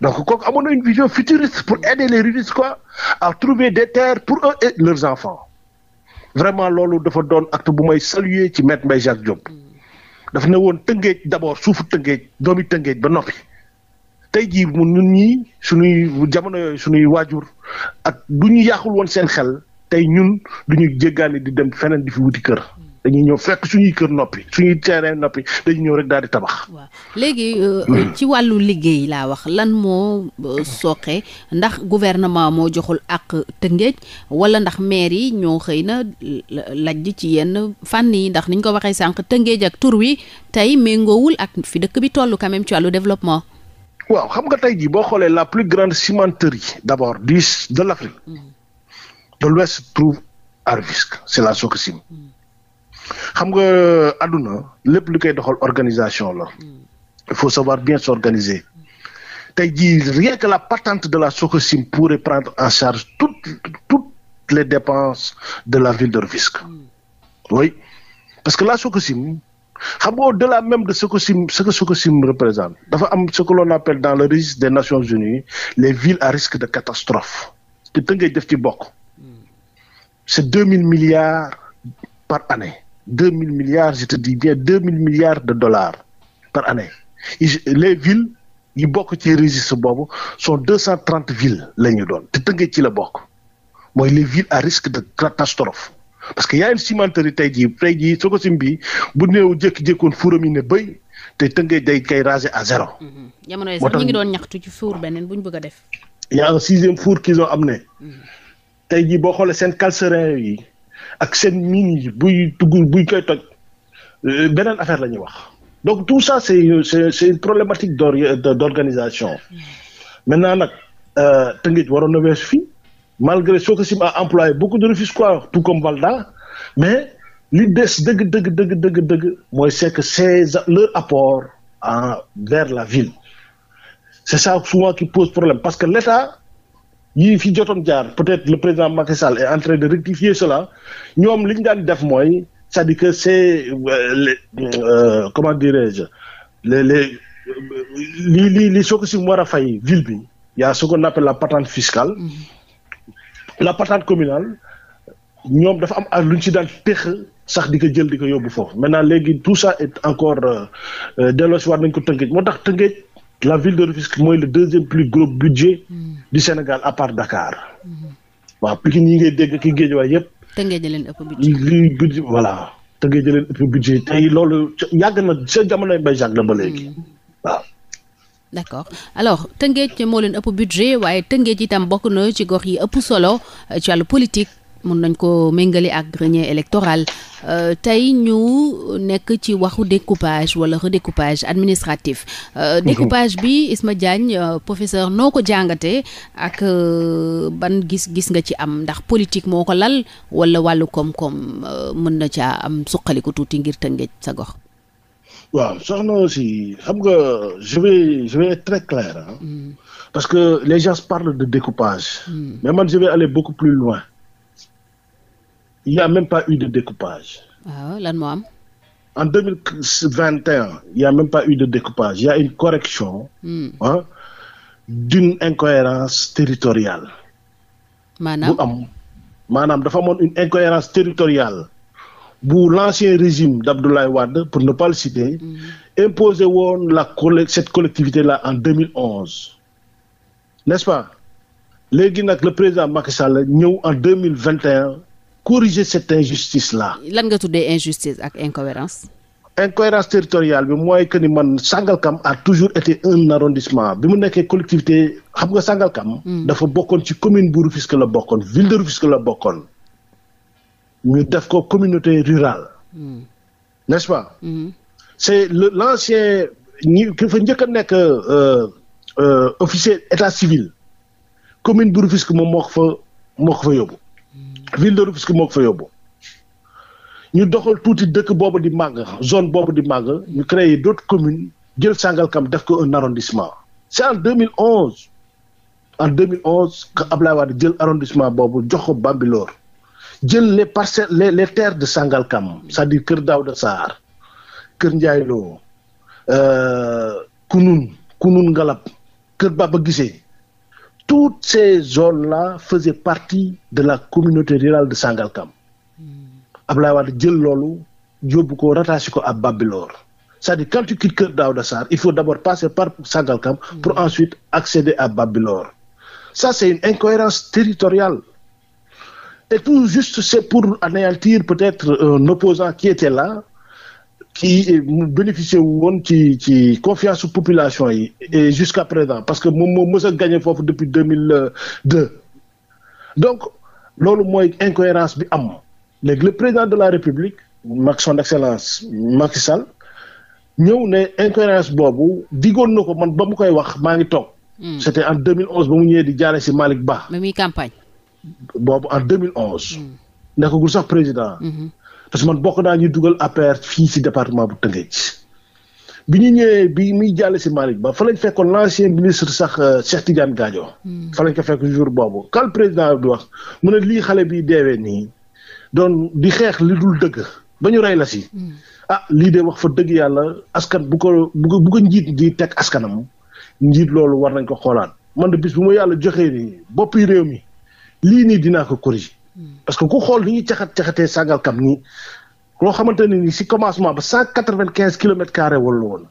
donc kooku amoon na une vision futuriste pour aider les Rufisques quoi à trouver de terres pour eux et leurs enfants vraiment loolu dafa doon acte bu may saluer ci maître Mbaye Jacques Diop. Mhm. daf ne woon Tëngéej d'abord suufu Tëngéej doomi Tëngéej ba noppi. tey jii mu ñun ñii suñuy jamono yooyu suñuy waajur ak du ñu yaaxul woon seen xel tey ñun du ñu jéggaani di dem feneen di fi wuti kër. dañuy ñëw fekk suñuy kër noppi suñuy terrain noppi dañuy ñëw rek daal di tabax. waaw léegi euh, euh, ci wàllu liggéey laa wax lan moo euh, soqe ndax gouvernement moo joxul ak Tëngéej wala ndax maire yi ñoo xëy na lajj ci yenn fànn yi ndax niñ ko waxee sànq Tëngéej ak tur wi tey méngoowul ak fi dëkk bi tollu quand ci wàllu développement. waaw xam nga tey jii boo xoolee la plus grande cimenterie d'abord du de l'Afrique mm. de l'Ouest se trouve à Rufisque c'est la Sococim mm. xam nga euh, àdduna lépp lu koy doxal organisation la mm. il faut savoir bien s'organiser tey jii rien que la patente de la Sococim pourrait prendre en charge toutes toutes les dépenses de la ville de Rufisque parce que la Sococim xam nga au delà même de ce que Sokocim ce que Sokocim représente dafa am ce que l'on appelle dans le registre des Nations Unies les villes à risque de catastrophe te Tëngéej def ci bokk c'est deux mille milliards par année deux mille milliards je te dis bien deux mille milliards de dollars par année les villes yi bokk ci registre boobu sont deux cent trente villes la ñu doon te Tëngéej ci la bokk mooy les villes à risque de catastrophe parce que y a une cimenterie tey jii tey jii Sococim bi bu néew jékki-jékkoon fuuram yi ne béy te tënkee day kay rasé à zéro. Mhm. jamono yi sax ñu ngi doon ñaxtu ci fuur beneen bu ñu bëgg def. y a un sixième four qu'ils ont mhm. tey jii boo xoolee seen calcérin yi ak seen mine yi buy tugg buy koy toj euh, beneen affaire la ñuy wax donc tout ça c'est c'est c'est une problématique d'or d'organisation. Mhm. maintenant nag euh, Tëngéej waroon na weesu fii. malgré Sococim a employé beaucoup de Rufisquois tout comme Valda mais li des dëgg dëgg dëgg dëgg dëgg mooy c'est que c'est leur apport en vers la ville c'est ça souvent qui pose problème parce que l'État yi fi jotoon jaar peut-être le président Macky Sall est en train de rectifier cela ñoom li ñu daan def mooy c'est-à-dire que c'est euh, euh comment dirais-je les les li li li Sococim war a fay ville bi ya a ce qu'on appelle la patente fiscale. Mm-hmm. la patente communale ñoom dafa am ar lu ñu ci daal téq sax di ko jël di ko yóbbu foofu maintenant léegi tout ça est encore dello si nañ ko Tëngéej moo tax Tëngéej la ville de Rufisque mooy le deuxième plus gros budget du Sénégal à part Dakar waaw Pikine ñi ngay dégg ki géej waay yëpp Tëngéej leen ëpp budget voilà Tëngéej leen ëpp budget tey loolu yàgg na jamonoy Mbaye Jacques la ba léegi mm. waaw d' accord alors Tëngéej moo leen ëpp budget waaye Tëngéej itam bokk na ci gox yi ëpp solo euh, ci wàllu politique mun nañ ko méngale ak grenier électoral euh, tey ñu nekk ci waxu découpage wala redécoupage administratif. Euh, mmh. découpage bi Isma Diagne professeur noo ko jàngatee ak ban gis-gis nga ci am ndax politique moo ko lal wala wàllu koom-koom mën na caa am suqaliku tuuti ngir Tëngéej sa gox. waaw soxna si xam nga je vais je très clair mm. parce que les gens parlent de découpage. Mm. mais man je vais aller beaucoup plus loin. il y a même pas eu de découpage. Ah, en deux mille vingt et un il y a même pas eu de découpage il y a une correction. ah d'une incohérence territoriale. maanaam bu am maanaam dafa amoon une incohérence territoriale. bu l'ancien régime d'Abdoulaye Wade pour ne pas le citer mmh. imposé woon la colle cette collectivité là en 2011 n'est-ce pas léegi nag le président Macky Sall ñëw en 2021 corriger cette injustice la lan nga tuddee injustice ak incohérence incohérence territoriale bi mooy que ni man Sangalkam a toujours été un arrondissement bi mu nekkee collectivité xam nga Sangalkam. Mm. dafa bokkoon ci commune bu Rufisque la bokkoon ville de Rufisque la bokkoon. ñu def ko communauté rurale. Hmm. n'est-ce pas. Hmm. c'est le l'ancien ñi ki fa njëkk a nekk euh, euh, officier état civil commune bu Rufisque moom moo ko fa moo ko fa yóbbu. Hmm. ville de Rufisque moo ko fa yóbbu. ñu doxal tuuti dëkk boobu di màgg zone boobu di màgg ñu créé d'autres commune jël Sangalkam def ko un arrondissement. c'est en 2011 en 2011 que Ablaye Wade jël arrondissement boobu jox ko Bambilor. jël les parcelles les les terres de Sangalkam cest dire Kër Daouda Sarr Kër Ndiaye Lo euh, Kunun Kunun Ngalap Kër Baba Guissé toutes ces zones la faisaient partie de la communauté rurale de Sangalkam hmm. Abdoulaye Wade jël loolu yóbbu ko rattaché ko à Bambilor c'est-à-dire quand tu quittes Kër Daouda Sarr il faut d'abord passer par Sangalkam pour hmm. ensuite accéder à Bambilor c'est une incohérence territoriale e tout juste, c'est pour anéantir peut-être un opposant qui la ki qui bénéficié woon ci ci confiance su population yi et jusqu'à présent parce que moom moo mës a gagné foofu depuis deux mille donc loolu mooy incohérence bi am léegi le président de la république mag son excellence Macky Sall ñëw ne incohérence boobu diggoon na ko man ba mu koy wax maa ngi toog hmm. c'était en deux mille onze ba mu ñëwee di jaare si Malick Ba campagne boobu en 2011. Mm. nekkagul sax président. parce mm-hmm. que man bokk daa ñuy dugal APR fii si département bu Tëngéej. bi ñu ñëwee bi muy jàll si Malick Ba fa lañ fekkoon l'ancien ministre sax euh, Cheikh Tidiane Gadio. Mm. fa lañ ko fekk jour boobu kal président bi wax mu ne lii xale bi deewee nii doon di xeex li dul dëgg ba ñu rey la si. Mm. ah lii de wax fa dëgg yàlla askan bu ko bu ko njiit di teg askanam njiit loolu war nañ ko xoolaan man de bis bu ma yàlla joxee nii boppi réew mi. lii nii dinaa ko corriger parce que ku xool ni ñuy caxat caxatee Sangalkam nii loo xamante ne nii si commencement ba cent quatre vingt quinze kilomètres carré wala woon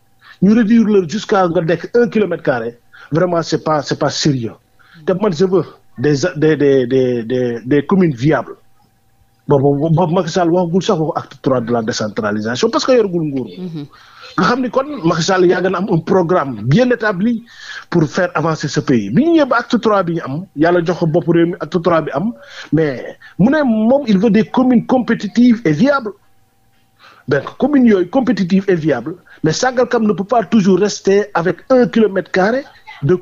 ñu réduire la jusqu'à nga nekk un kilomètre carré vraiment c'est pas c'est pas sérieux te man je des des des des des communes viables boobu boobu Macky Sall waxagul sax waxu acte trois de la décentralisation parce que yorgul nguur mhm. nga xam ni kon Macky Sall yàgg na am un programme bien établi pour faire avancer ce pays bi ñu ñëw ba acte trois bi ñu am yàlla jox ko bopp réew mi acte trois bi am mais mu ne moom il veut des communes compétitives et viables donc communes yooyu compétitives et viable mais kam ne peut pas toujours rester avec un kilomètre carré de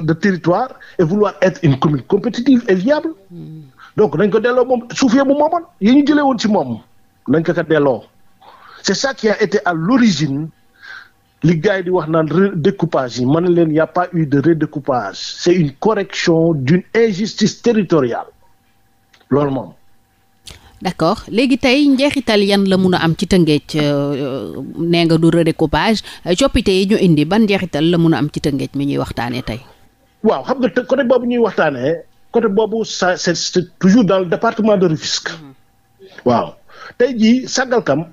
de territoire et vouloir être une commune compétitive et viable hmm. donc dañ ko delloo moom suuf yee mu moomoon yi ñu jëlee woon ci moom dañ ko ko delloo. c'est ça qui a été à l'origine li gars yi di wax naan redécoupage yi man leen y a pas eu de redécoupage c'est une correction d'une injustice territoriale loolu moom d'accord léegi tey njeexital yan la mun a am ci Tëngéej euh, euh, nee nga du redécoupage coppite yi ñu indi ban njeexital la mun a am ci Tëngéej mi ñuy waxtaanee tey waaw xam nga côté boobu ñuy waxtaanee côté boobu sa c'est toujours dans le département de Rufisque mhm. waaw tey jii Sangalkam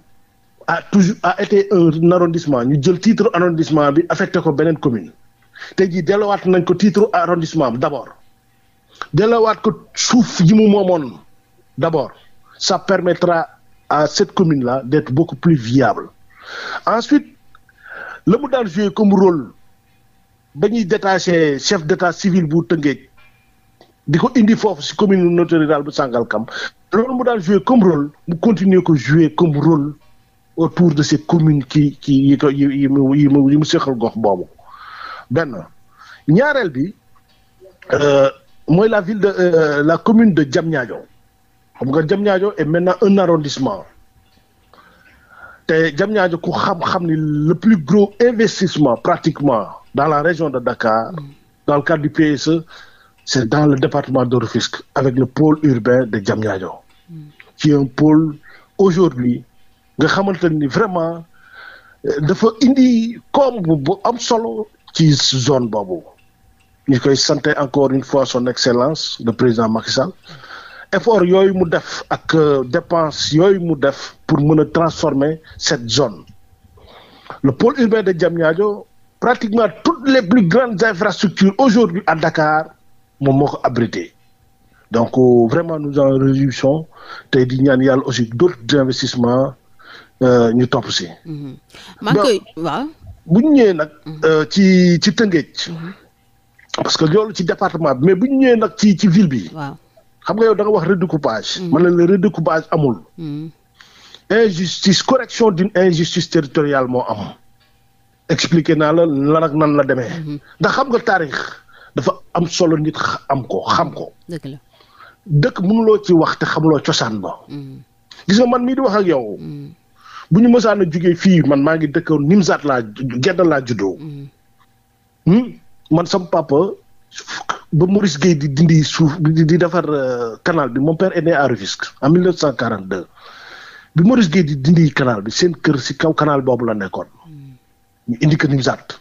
a toujours a été un arrondissement ñu jël titre arrondissement bi affecté ko beneen commune te jii dellowaat nañ ko titre arrondissement d' abord dellowaat ko suuf ji mu moomoon d' abord ça permettra à cette commune là d' être beaucoup plus viable ensuite la mu daan joué comme rôle ba ñuy détaché chef d' état civil bu Tëngéej di ko indi foofu si commune notoriale bu Sangalkam loolu mu daan joué comme rôle mu continuer ko joué comme rôle autour de ces communes qui qui yi ko yi mu yi mu gox boobu benn ñaareel bi euh, mooy la ville de euh, la commune de Diamniadio xam nga Diamniadio est maintenant un arrondissement te Diamniadio ku xam-xam ni le plus gros investissement pratiquement dans la région de Dakar mm. dans le cadre du PSE c'est dans le département de Rufisque avec le pôle urbain de Diamniadio mm. qui un pôle aujourd'hui nga xamante ni vraiment euh, dafa indi koom bu am solo ci zone boobu ñu koy sant encore une fois son excellence le président Macky Sall effort yooyu mu def ak euh, dépense yooyu mu def pour mën a transformer cette zone le pôle urbain de Diamniadio pratiquement toutes les plus grandes infrastructures aujourd'hui à Dakar moom moo ko abrité donc euh, vraiment nous en tey di ñaan yàlla aussi d'autres investissements Euh, ñu topp si. Mhm. maa ngi bu ñu ñëwee nag. Mhm. Euh, ci ci Tëngéej. Mhm. parce que loolu ci département bi mais bu ñu ñëwee nag ci ci ville bi. waaw xam nga yow da nga wax redécoupage. man la redécoupage amul. injustice correction d'une injustice territoriale moo am. expliquer naa la lan ak nan la demee. ndax xam nga taarix dafa am solo nit am ko xam ko. dëgg la dëkk mënuloo ci wax te xamuloo cosaan ba. gis nga man mii di wax ak yow. bu ñu mësaan a jugee fii man maa ngi dëkkoon Nimzaat laa Gedda laa juddoo. Mm. Hmm? man sama papa ba moris Guèye di dindi suuf di defar euh, canal bi mon père est né à Rufisque en 1942 bi Maurice Guèye di dindi kanaal bi seen kër si kaw kanaal boobu la nekkoon. Mm. ñu indi ko Nimzaat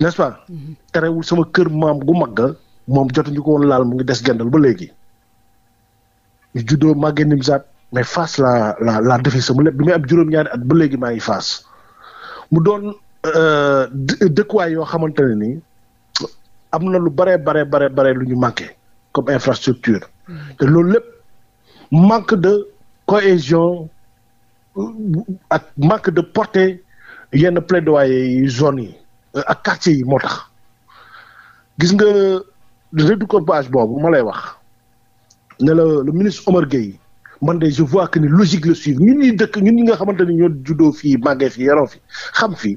n'est-ce mm-hmm. sama kër maam gu magga moom jotuñu ko woon laal mu ngi des gendal ba léegi. ñu juddoo màggee Nimzaat mais Fass laa la laa defee sama lépp bi may am juróom-ñaari at ba léegi maa ngi Fass mu doon euh, dëkkuwaay yoo xamante ne nii am na lu bare bare bare bare luñu ñu manqué comme infrastructure te loolu lépp manque de cohésion euh, ak manque de portée yenn plaidoyer yi zone yi euh, ak quartier yi moo tax gis nga redécoupage boobu ma lay wax ne la lu ministre Omar Gueye man de je vois que ni logique la suivre ñun ñuy dëkk ñun ñi nga xamante ni ñoo juddoo fi màggee fii yaroo fi xam fi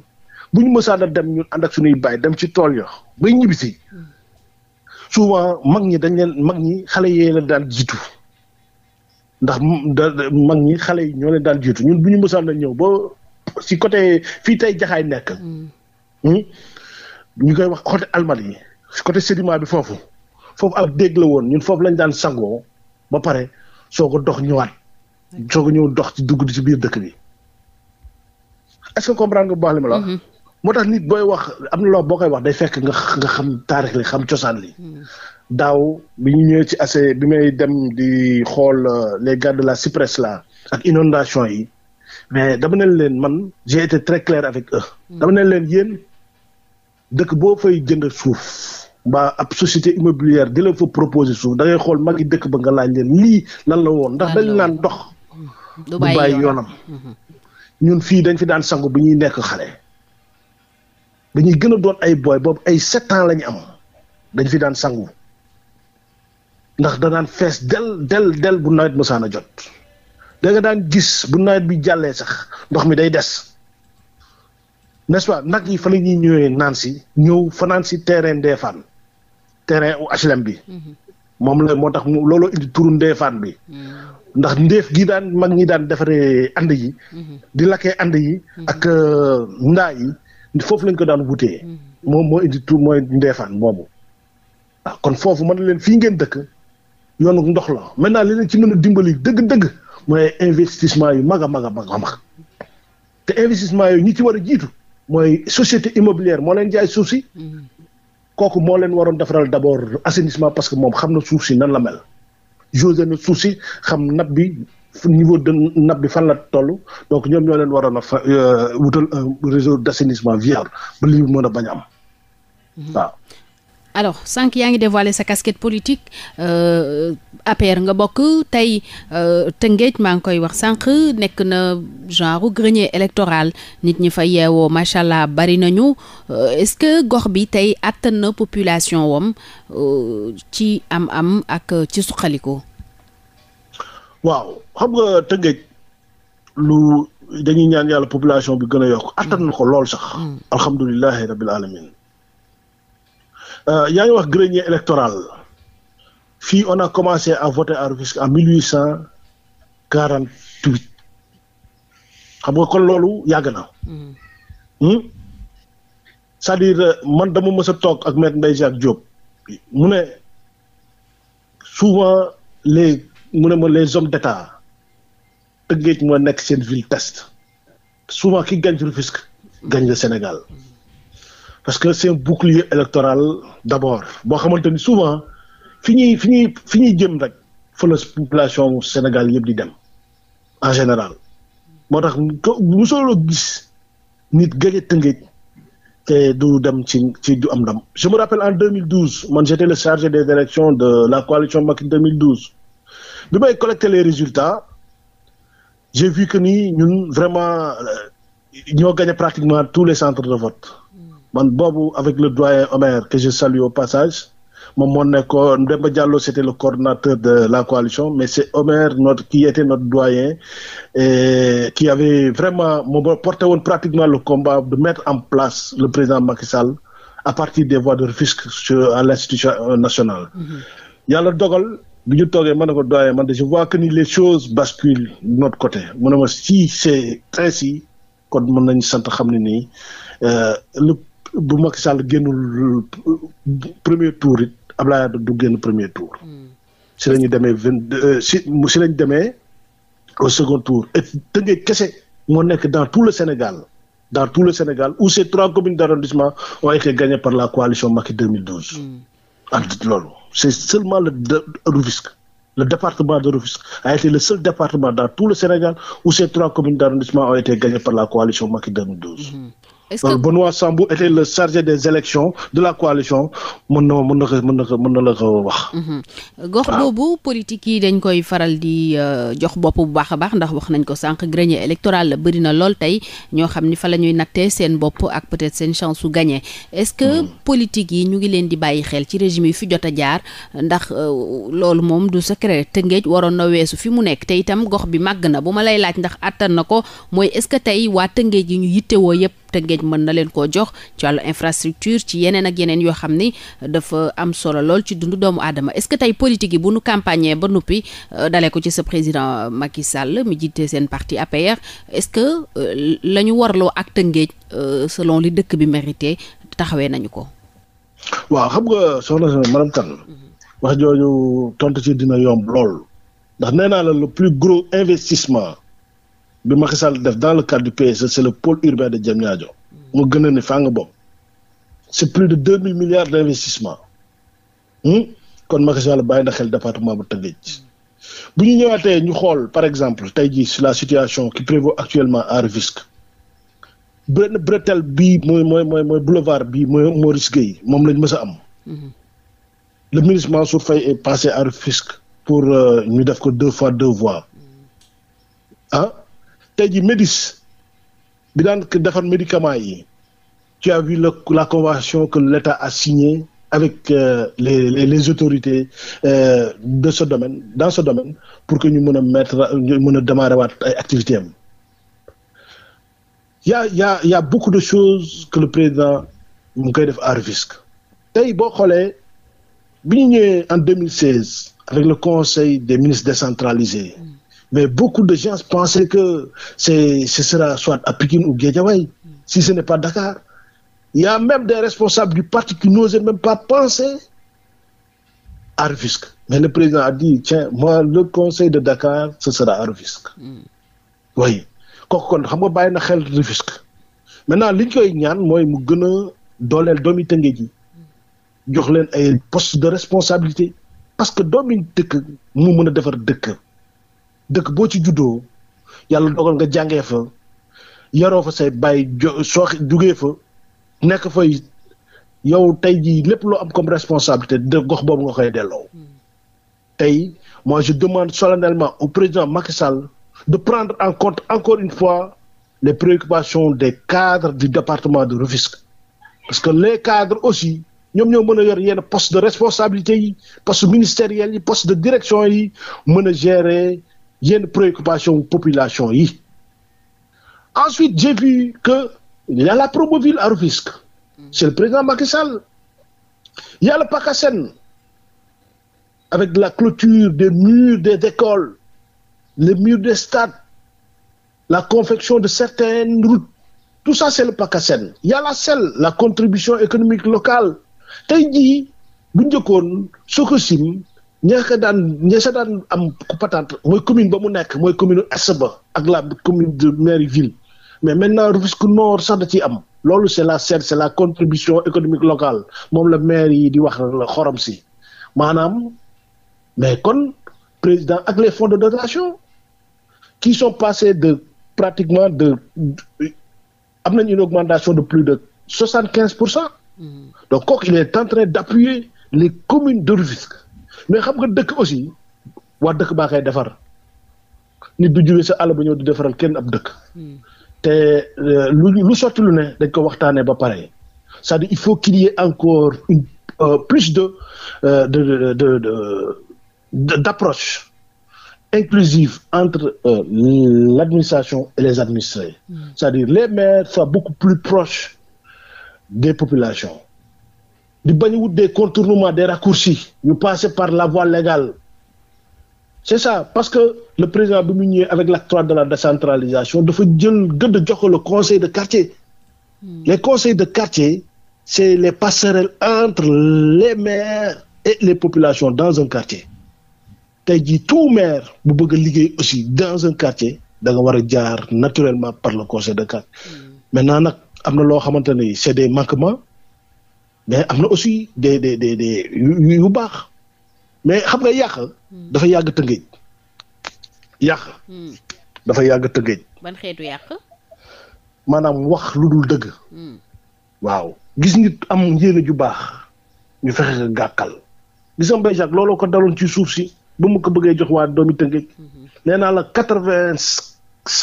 bu ñu mësaan a dem ñun ànd ak suñuy bàyyi dem ci tool yo bay ñibbisi souvent mag ñi dañ leen mag ñi xale yee leen daan jiitu ndax mag ñi xale yi ñoo leen daan jiitu ñun bu ñu mësaan a ñëw boo si côté fii tey jaxaay nekk. Hmm. Hmm, ñu koy wax côté almadi yi côté sédiment bi foofu foofu ak dégg woon ñun foofu lañ daan sangoo ba pare soo ko dox ñëwaat soo ko ñëw dox ci dugg ci biir dëkk bi est-ce que comprendre nga bu baax li la mm-hmm. moo tax nit booy wax am na loo boo koy wax day fekk nga nga xam taarix li xam cosaan li mm-hmm. daaw bi ñu ñëwee ci assez bi may dem di xool euh, les gars de la cypresse là ak inondation yi mais dama ne leen man j'ai été très clair avec eux mm-hmm. dama ne leen yéen dëkk boo fay jënd suuf ba ab société immobilière di la fa proposé suuf da ngay xool mag yi dëkk ba nga laaj leen lii lan la woon ndax dañ naan dox du bàyyi yoonam ñun fii dañ fi daan sangu bi ñuy nekk xale dañuy gën a doon ay booy boobu ay sept lañu am dañ fi daan sangu ndax da fees del del del bu nawet mosaan a jot da nga daan gis bu nawet bi jàllee sax ndox mi day des nest pas nag yi fa la ñuy ñëwee naan si ñëw fanaan si terrain Ndefane terrain u HLM bi. Mhm. moom la moo tax mu looloo indi turu ndeefaan bi. Hmm. ndax ndeef gi daan mag ñi daan defaree ànd yi. Mhm. di lakkee ànd yi. Mhm. ak euh, ndaa yi foofu lañ ko daan wutee. moom moo indi tur mooy ndeefaan boobu. ah kon foofu mën na leen fii ngeen dëkk yoonu ndox la maintenant li leen ci mën a dimbali dëgg-dëgg mooy investissement yu mag a mag a a mag te investissement yooyu ñi war a jiitu mooy société immobilière moo leen jaay suuf kooku moo leen waroon defaral d' abord assainissement parce que moom xam na suuf si nan la mel josé na suuf si xam nab bi niveau de nab bi fan la toll donc ñoom ñoo leen waroon a fa euh, wutal réseau d' assainissement viable ba lii mën a bañ am mhm. alors sànq yaa ngi dévoilé sa casquette politique euh, nga bokk tey euh, Tëngéej maa ngi koy wax sànq nekk na genre grenier électoral nit ñi fa yeewoo macha allah bari nañu euh, est-ce que gox bi tey attan na population wam euh, ci am-am ak ci suqaliku. waaw xam nga Tëngéej lu dañuy ñaan yàlla population bi gën a yokk. attan ko lool sax. Mm. alhamdulilahi rabbil alamin Euh, yaa ngi wax grenier électoral fii on a commencé à voter à Rufisque en mille huit cent quarante huit xam nga kon loolu yàgg na. Mm. Hmm? c'est-à-dire euh, man dama mës toog ak maître Ndeye Jacques Diop mu ne souvent les mu ne ma les hommes d'État Tëngéej moo nekk seen ville test souvent ki gagne Rufisque gagne le Sénégal. Mm. parce que c'est un bouclier électoral d'abord boo xamante ni souvent fi ñuy fi ñuy fi ñuy jëm rek fa la population Sénégal yëpp di dem en général moo tax mu solo gis nit gëj Tëngéej te du dem ci ci du am ndam je me rappelle en 2012 man j'étais le chargé des élections de la coalition Macky 2012 bi may collecter les résultats je vu que ni ñun vraiment euh, ñoo gagné pratiquement tous les centres de vote man boobu avec le doyen Omer que je salue au passage moom moo nekkoon Demba Diallo c'était le coordonnateur de la coalition mais c'est Omer notre qui était notre doyen et qui avait vraiment moom porté woon pratiquement le combat de mettre en place le président Macky Sall à partir des voies de Rufisque sur à l'institution nationale. Mm-hmm. yàlla dogal bi ñu ma man ne ko doyen man de je vois que ni les de notre côté mu ne ma si c'est ainsi kon mën sant xam ne nii. Euh, bu Macky Sall génnul premier tour it Abdoulaye du génn premier tour. Hmm. si la ñu demee vingt euh, si si la ñu demee au second tour et Tëngéej kese moo nekk dans tout le Sénégal dans tout le Sénégal où ces trois communes d'arrondissement ont été gagnées par la coalition Macky 2012. Hmm. ak loolu c'est seulement le Rufisque le département de Rufisque a été le seul département dans tout le Sénégal où ces trois communes d'arrondissement ont été gagnées par la coalition Macky Euh, que Benoît Sambou était le chargé des élections de la coalition mën na mën na ko mun na ko mën na la ko wax. Mhm. gox boobu politique yi dañ koy faral di euh, jox bopp bu baax a baax ndax wax nañ ko sànq grenier électoral la bëri na lool tey ñoo xam ni fa la ñuy nattee seen bopp ak peut-être seen chance su gañee est-ce que mhm. politique yi ñu ngi leen di bàyyi xel ci régime yi fi jot a jaar ndax euh, loolu moom du secret Tëngéej waroon na weesu fi mu nekk te itam gox bi màgg na bu ma lay laaj ndax àttan na ko mooy est-ce que tey waa Tëngéej yi ñu yittewoo yépp Tëngéej mën na leen koo jox ci wàllu infrastructure ci yeneen ak yeneen yoo xam ni dafa am solo lool ci dundu doomu aadama est-ce que tey politique yi bu nu campagne ba noppi euh, dalee ko ci sa président Macky Sall mi jiitee seen parti APR est-ce que euh, la ñu warloo ak Tëngéej euh, selon li dëkk bi mérité taxawee nañu ko. waaw xam nga soxna si madame Kane mm-hmm. wax jooju tontu ci dina yomb lool ndax nee la le plus gros investissement. bi Macky Sall def dans le cadre du PSE c' est le pôle urbain de Diamniadio mu gën a ne faa nga bokk c' est plus de milliards d' investissement hmm? kon Macky Sall bàyyi na xel département bu Tëngéej bu ñu ñëwaatee ñu xool par exemple tey jii sur la situation qui prévaut actuellement à Rufisque benn bretelle bii mooy mooy mooy mooy boulevard bii mooy Maurice yi moom lañ mës am mm-hmm. le ministre Mansour Faye est passé à pour euh, ñu def ko deux fois deux voies ah? tey ji MEDIS bi daan defar médicaments yi tu as vu le, la convention que l'État a signée avec euh, les, les les autorités euh, de ce domaine dans ce domaine pour que ñu mën a mettre ñu mën a démarrer waat ay activités am y a y beaucoup de choses que le président mu ngi koy def à risque tey boo xoolee bi ñu ñëwee en 2016 avec le conseil des ministres décentralisés. Mm. Mais beaucoup de gens pensaient que ce sera soit à Pékin ou Guédiawaye, mm. si ce n'est pas Dakar. Il y même des responsables du parti qui n'osaient même pas penser à Rufisque. Mais le président a dit, tiens, moi, le conseil de Dakar, ce sera à Rufisque. Mm. Oui. kooku kon xam nga bàyyi na xel Rufisque. maintenant li ñu koy ñaan mooy mu gën a dooleel doomi Tëngéej ji jox leen ay poste de responsabilité parce que doomi dëkk mu mën a defar dëkk. dëkk boo ci juddoo yàlla dogal nga jàngee fa yaroo fa say bàyyi jo soo jugee fa nekk fay yow tey jii lépp loo am comme responsabilité de gox boobu nga koy delloo. Hmm. tey moi je demande solennellement au président Macky Sall de prendre en compte encore une fois les préoccupations des cadres du département de Rufisque parce que les cadres aussi ñoom ñoo mën a yor yenn poste de responsabilité yi poste ministériel yi poste de direction yi mën a gérer yenn préoccupation population yi ensuite j'ai vu que il y a la Promoville à Rufisque mm. c'est le président Macky Sall il y a le PACASEN avec la clôture des murs des écoles les murs des stades la confection de certaines routes tout ça c'est le PACASEN il y a la CEL la contribution économique locale tey jii bu njëkkoon Sococim ña ka daan ña sa daan am patente mooy commune ba mu nekk mooy commune est ba ak la commune de mairie ville mais maintenant Rufisque Nord sax da ciy am loolu c'est la CER c'est la contribution économique locale moom la maire yi di wax la xorom maanaam mais kon président ak les fonds de dotation qui sont passés de pratiquement de am nañ une augmentation de plus de soixante quinze pour cent hmm. donc kooku il est en train d'appuyer les communes de Rufisque mais xam nga dëkk aussi waa dëkk baa defar nit du jóge sa àll ba ñëw di defaral kenn ab dëkk. Hmm. te euh, lu lu sotti lu ne dañ ko waxtaanee ba pare cest dire il faut qu'il encore une euh, plus de, euh, de de de de d'approche inclusive entre euh, l'administration et les administrés. Mm. c'est-à-dire les maires soient beaucoup plus proches des populations. di bañ a wut des contournements des raccourcis yu passé par la voie légale c'est ça parce que le président bi mu ñëwee avec l'acte 3 de la décentralisation de jël gëdd jox ko le conseil de quartier mm. les de quartier c'est les passerelles entre les maires et les populations dans un quartier te jii tout maire bu bëgg a liggéey aussi dans un quartier da nga war a jaar naturellement par le conseil de quartier mm. maintenant nag na loo xamante ne c'est des manquements mais am na aussi des des de des yu baax mais xam nga yàq. Hmm. dafa yàgg tëngéej. yàq. Hmm. dafa yàgg tëngéej. ban xeetu yàq. maanaam wax lu dul dëgg. Hmm. waaw gis nit am njéene ju baax ñu fexe nga gàkkal. gis nga Baye Jacques looloo ko daloon ci suuf si ba mu ko bëggee jox waa doomi tëngéej. nee naa la quatre vingt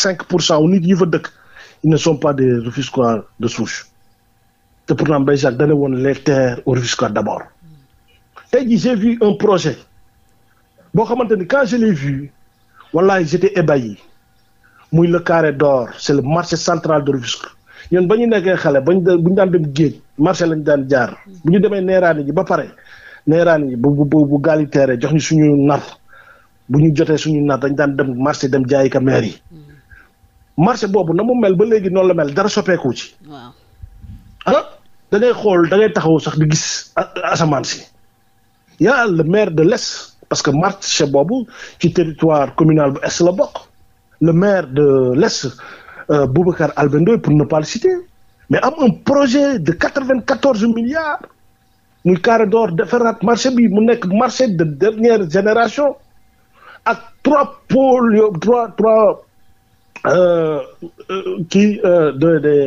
cinq pour cent nit yi fa dëkk ils ne sont pas des Rufisquois de souche. te pourtant Baye Sall dana woon les terres au Rufisque d'abord tey jii j'ai vu un projet boo xamante ni quand je l'ai vu wallaay j'étais ébahi muy le carré d'or c'est le marché central de Rufisque ñun ba ñu nekkee xale ba ñu bu daan dem géej marché lañu daan jaar bu ñu demee neeraani ji ba pare neeraani ji bu bu bu gaal yi teeree jox ñu suñu nar bu ñu jotee suñu nar dañu daan dem marché dem jaayi ka yi hmm. marché boobu na mu mel ba léegi noonu la mel dara soppeeku ci da ngay xool da ngay taxaw sax di gis asamaan si yaa le maire de l'Est parce que marché boobu ci territoire communal bu Est la le maire de l'Est euh, Boubacar Albendoy pour ne pas le citer mais am un projet de quatre-vingt-quatorze milliards muy carré d'or defaraat marché bi mu nekk marché de dernière génération ak trois pôles yo trois trois euh, euh, kii euh, de de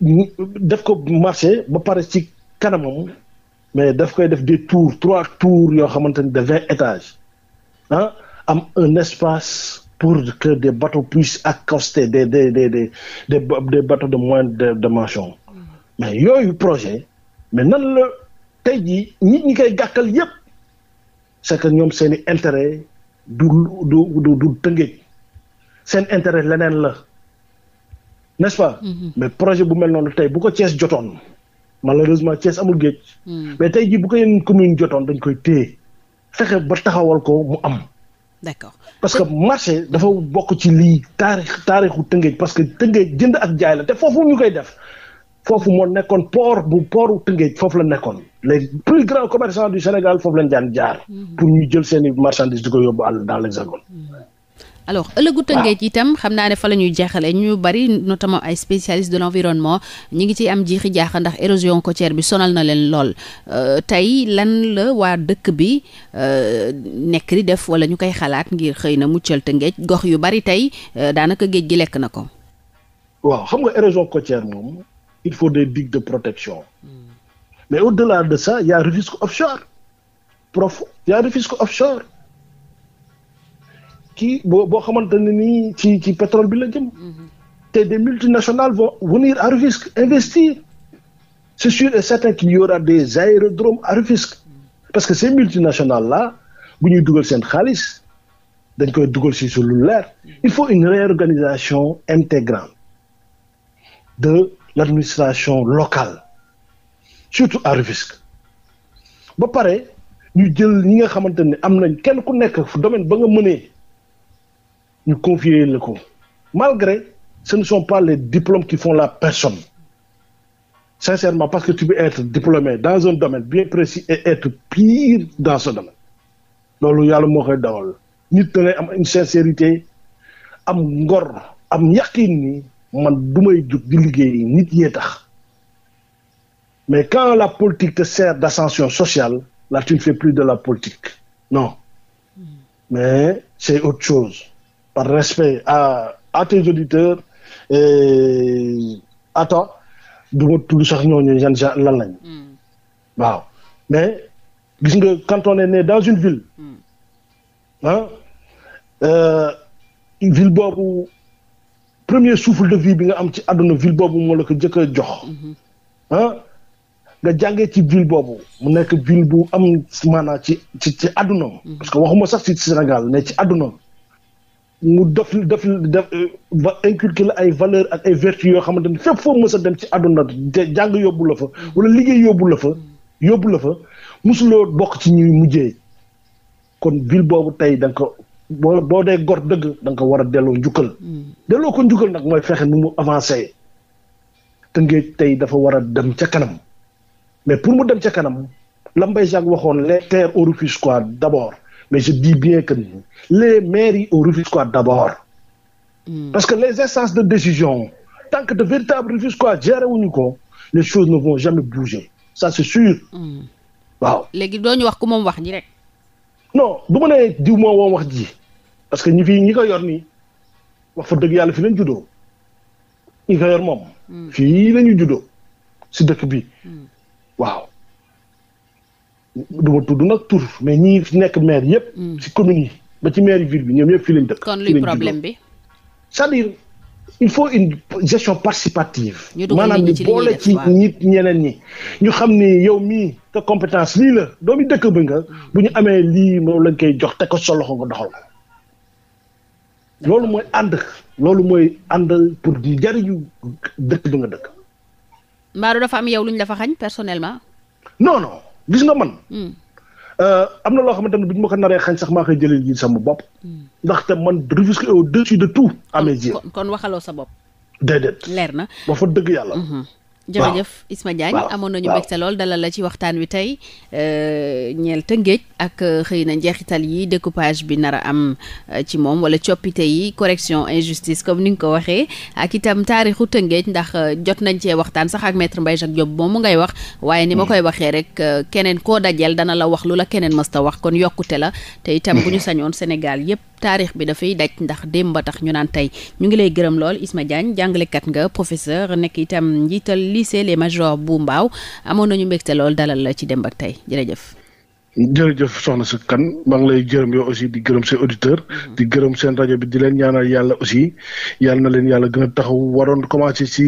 def ko marché ba pare ci kanamam mais daf koy def des tours trois tours yoo xamante ni de vingt étages ah, am un espace pour que des bateaux puissent accoster des des des des des, des bateaux de moyenne de dimension mais yooyu projet mais nan la tey jii nit ñi koy gàkkal yépp c'est que ñoom seen i intérêt du du du du seen intérêt leneen la n'est-ce pas. Mm-hmm. mais projet bu mel noonu tey bu ko Thiès jotoon malheureusement Thiès amul géej. Mm. mais tey jii bu ko yeneen commune jotoon dañ koy téye fexe ba taxawal ko mu am. d'accord parce que marché dafa bokk ci lii taarix taarixu Tëngéej parce que Tëngéej jënd ak jaay la te foofu ñu koy def foofu moo nekkoon port bu portu Tëngéej foofu la nekkoon les plus grands commerçants du Sénégal foof lañ daan jaar. Mm-hmm. pour ñu jël seen i marchandises di ko yóbbu àll dans l'Hexagone. Mm-hmm. alors ëllëgu Tëngéej itam xam naa ne fa la ñuy jeexale ñu bari notamment ay spécialistes de l'environnement ñi ngi ciy am jiixi jaaxa ndax érosion côtière bi sonal na leen lool euh, tey lan la waa dëkk bi euh, nekk di def wala ñu koy xalaat ngir xëy na muccal Tëngéej gox yu bari tey euh, daanaka géej gi lekk na ko waaw xam nga érosion côtière moom il faut des digues de protection hmm. mais au-delà de ça il y a Rufisque offshore profond il y a Rufisque offshore kii boo boo xamante ne nii ci ci pétrole bi la jëm. Mhm. te des multinationales vont venir à Rufisque investir c'est sûr et certain qu'il y aura des aérodromes à Rufisque parce que ces multinationales là bu ñuy dugal seen xaalis dañ koy dugal si su leer il faut une réorganisation intégrale de l'administration locale surtout à Rufisque ba pare ñu jël ñi nga xamante ne am nañ kenn ku nekk domaine ba nga mënee ñu confier le ko malgré ce ne sont pas les diplômes qui font la personne sincèrement parce que tu peux être diplômé dans un domaine bien précis et être pire dans ce domaine loolu yàlla moo koy dawal nit da ngay am une sincérité am ngor am yaqin man du may jug di liggéey nit yee tax mais quand la politique te sert d'ascension sociale là tu ne fais plus de la politique non mais c'est autre chose par respect à à tes auditeurs et à du ma tudd sax ñooñu yan genre lan lañ. Hmm. waaw mais gis nga quand on est né dans une ville. Hmm. Euh, ville boobu premier souffle de vie bi nga am ci àdduna ville boobu moo la ko jëkk a jox. ah nga ci ville boobu mu nekk ville bu am maanaa ci ci ci àdduna. parce que waxuma sax ci Sénégal ne ci àdduna. mu def def def va inculquer ay valeur ak ay vertu yoo xamante ni fépp foo mës a dem ci àdduna jàng yóbbu la fa wala liggéey yóbbu la fa yóbbu la fa mosuloo bokk ci ñuy mujjee kon ville boobu tey da nga ko boo boo dee gor dëgg da nga ko war a delloo njukkal. Mm. delloo ko njukkal nag mooy fexe nu mu avancé Tëngéej tey dafa war a dem ca kanam mais pour mu dem ca kanam la Mbaye Jacques waxoon les terres au refuge quoi d' abord. mais je dis bien que les mairies au Rufisque d'abord. Mm. parce que les instances de décision tant que de véritables Rufisque géré wuñu ko les choses ne vont jamais bouger ça c'est sûr. Hmm. waaw léegi doo ñu wax ku moom wax ji rek. non du ma nee diw moo woon wax ji parce que ñi fi ñi ko yor nii wax fa dëgg yàlla fi lañ juddoo ñi ko yor moom. Hmm. fii la ñu si dëkk bi hmm. waaw. du ma tudd nag tur mais ñi fi nekk maire yëpp. Hmm. ci commune yi ba ci maire ville bi ñoom yëpp fii lañ dëkk. kon luy problème bi. c'est-à-dire il faut une gestion participative. maanaam ñu boole ci nit ñeneen ñi. ñu xam ni yow mii compétence lii la doomi dëkk bi nga. Hmm. bu ñu amee lii moo lañ koy jox te ko sa loxo nga doxal loolu mooy ànd loolu mooy ànd pour di jariñu dëkk du nga dëkk. Mbaaru dafa am yow lu ñu la xañ personnellement. non non. gis nga man. Hmm. Euh, am na loo xamante ne bu ñu ma ko naree xañ sax maa koy jëlee ji sama bopp. Hmm. ndaxte man risque au dessus de tout. à mes kon waxaloo sa bopp. déedéet leer na ba fa dëgg yàlla. Hmm. jëf Isma Diagne amoon nañu mbégte lool dalal la ci waxtaan wi tey euh, ñeel Tëngéej ak euh, xëy na njeexital yi découpage bi nar a am euh, ci moom wala coppite yi correction injustice comme ni nga ko waxee ak itam taarixu Tëngéej ndax jot nañ cee waxtaan sax ak maître Mbaye Jacques Diop moom mu ngay wax waaye ni ma hmm. koy waxee rek keneen koo dajeel dana la wax lu la keneen mosta wax kon yokkute la te itam bu ñu sañoon Sénégal yépp taarix bi dafay daj ndax démb a tax ñu naan tey ñu ngi lay gërëm lool Isma Diagne jàngalekat nga professeur nekk itam njiital lycée les majors bu Mbaaw amoon na nañu mbégte lool dalal la ci démb ak tey jërëjëf. jërëjëf soxna si kan maa ngi lay gërëm yow aussi di gërëm seen auditeur mhm. di gërëm seen rajo bi di leen ñaanal yàlla aussi yàlla na leen yàlla gën a taxaw waroon commencé si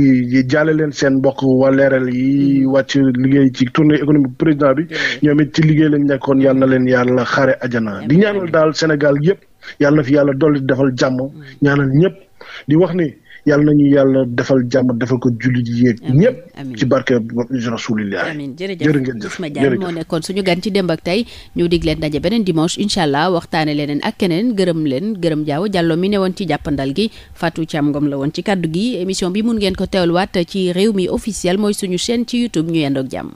jaale leen seen mbokk waa leeral yi mhm. wàcc liggéey ci tournée économique président bi ñoom it ci liggéey lañ nekkoon yàlla na leen yàlla xaare ajana di yàlla na fi yàlla dolli defal jàmm mm. ñaanal ñëpp di wax ni yàlla nañu yàlla defal jàmm defal ko jullit yéeg ñëpp ci barke rasulillah amiin jërëjëf jërë ngeen jëf Isma Diagne moo nekkoon suñu gan ci démb ak tey ñu dig leen daje beneen dimanche incha allah waxtaane leneen ak keneen gërëm leen gërëm jaaw jàllo mi ne woon ci jàppandal gi Fatou Thiam Ngom la woon ci kaddu gi émission bi mun ngeen ko teewluwaat ci réew mi officiel mooy suñu chaîne ci YouTube ñu yendoog jàmm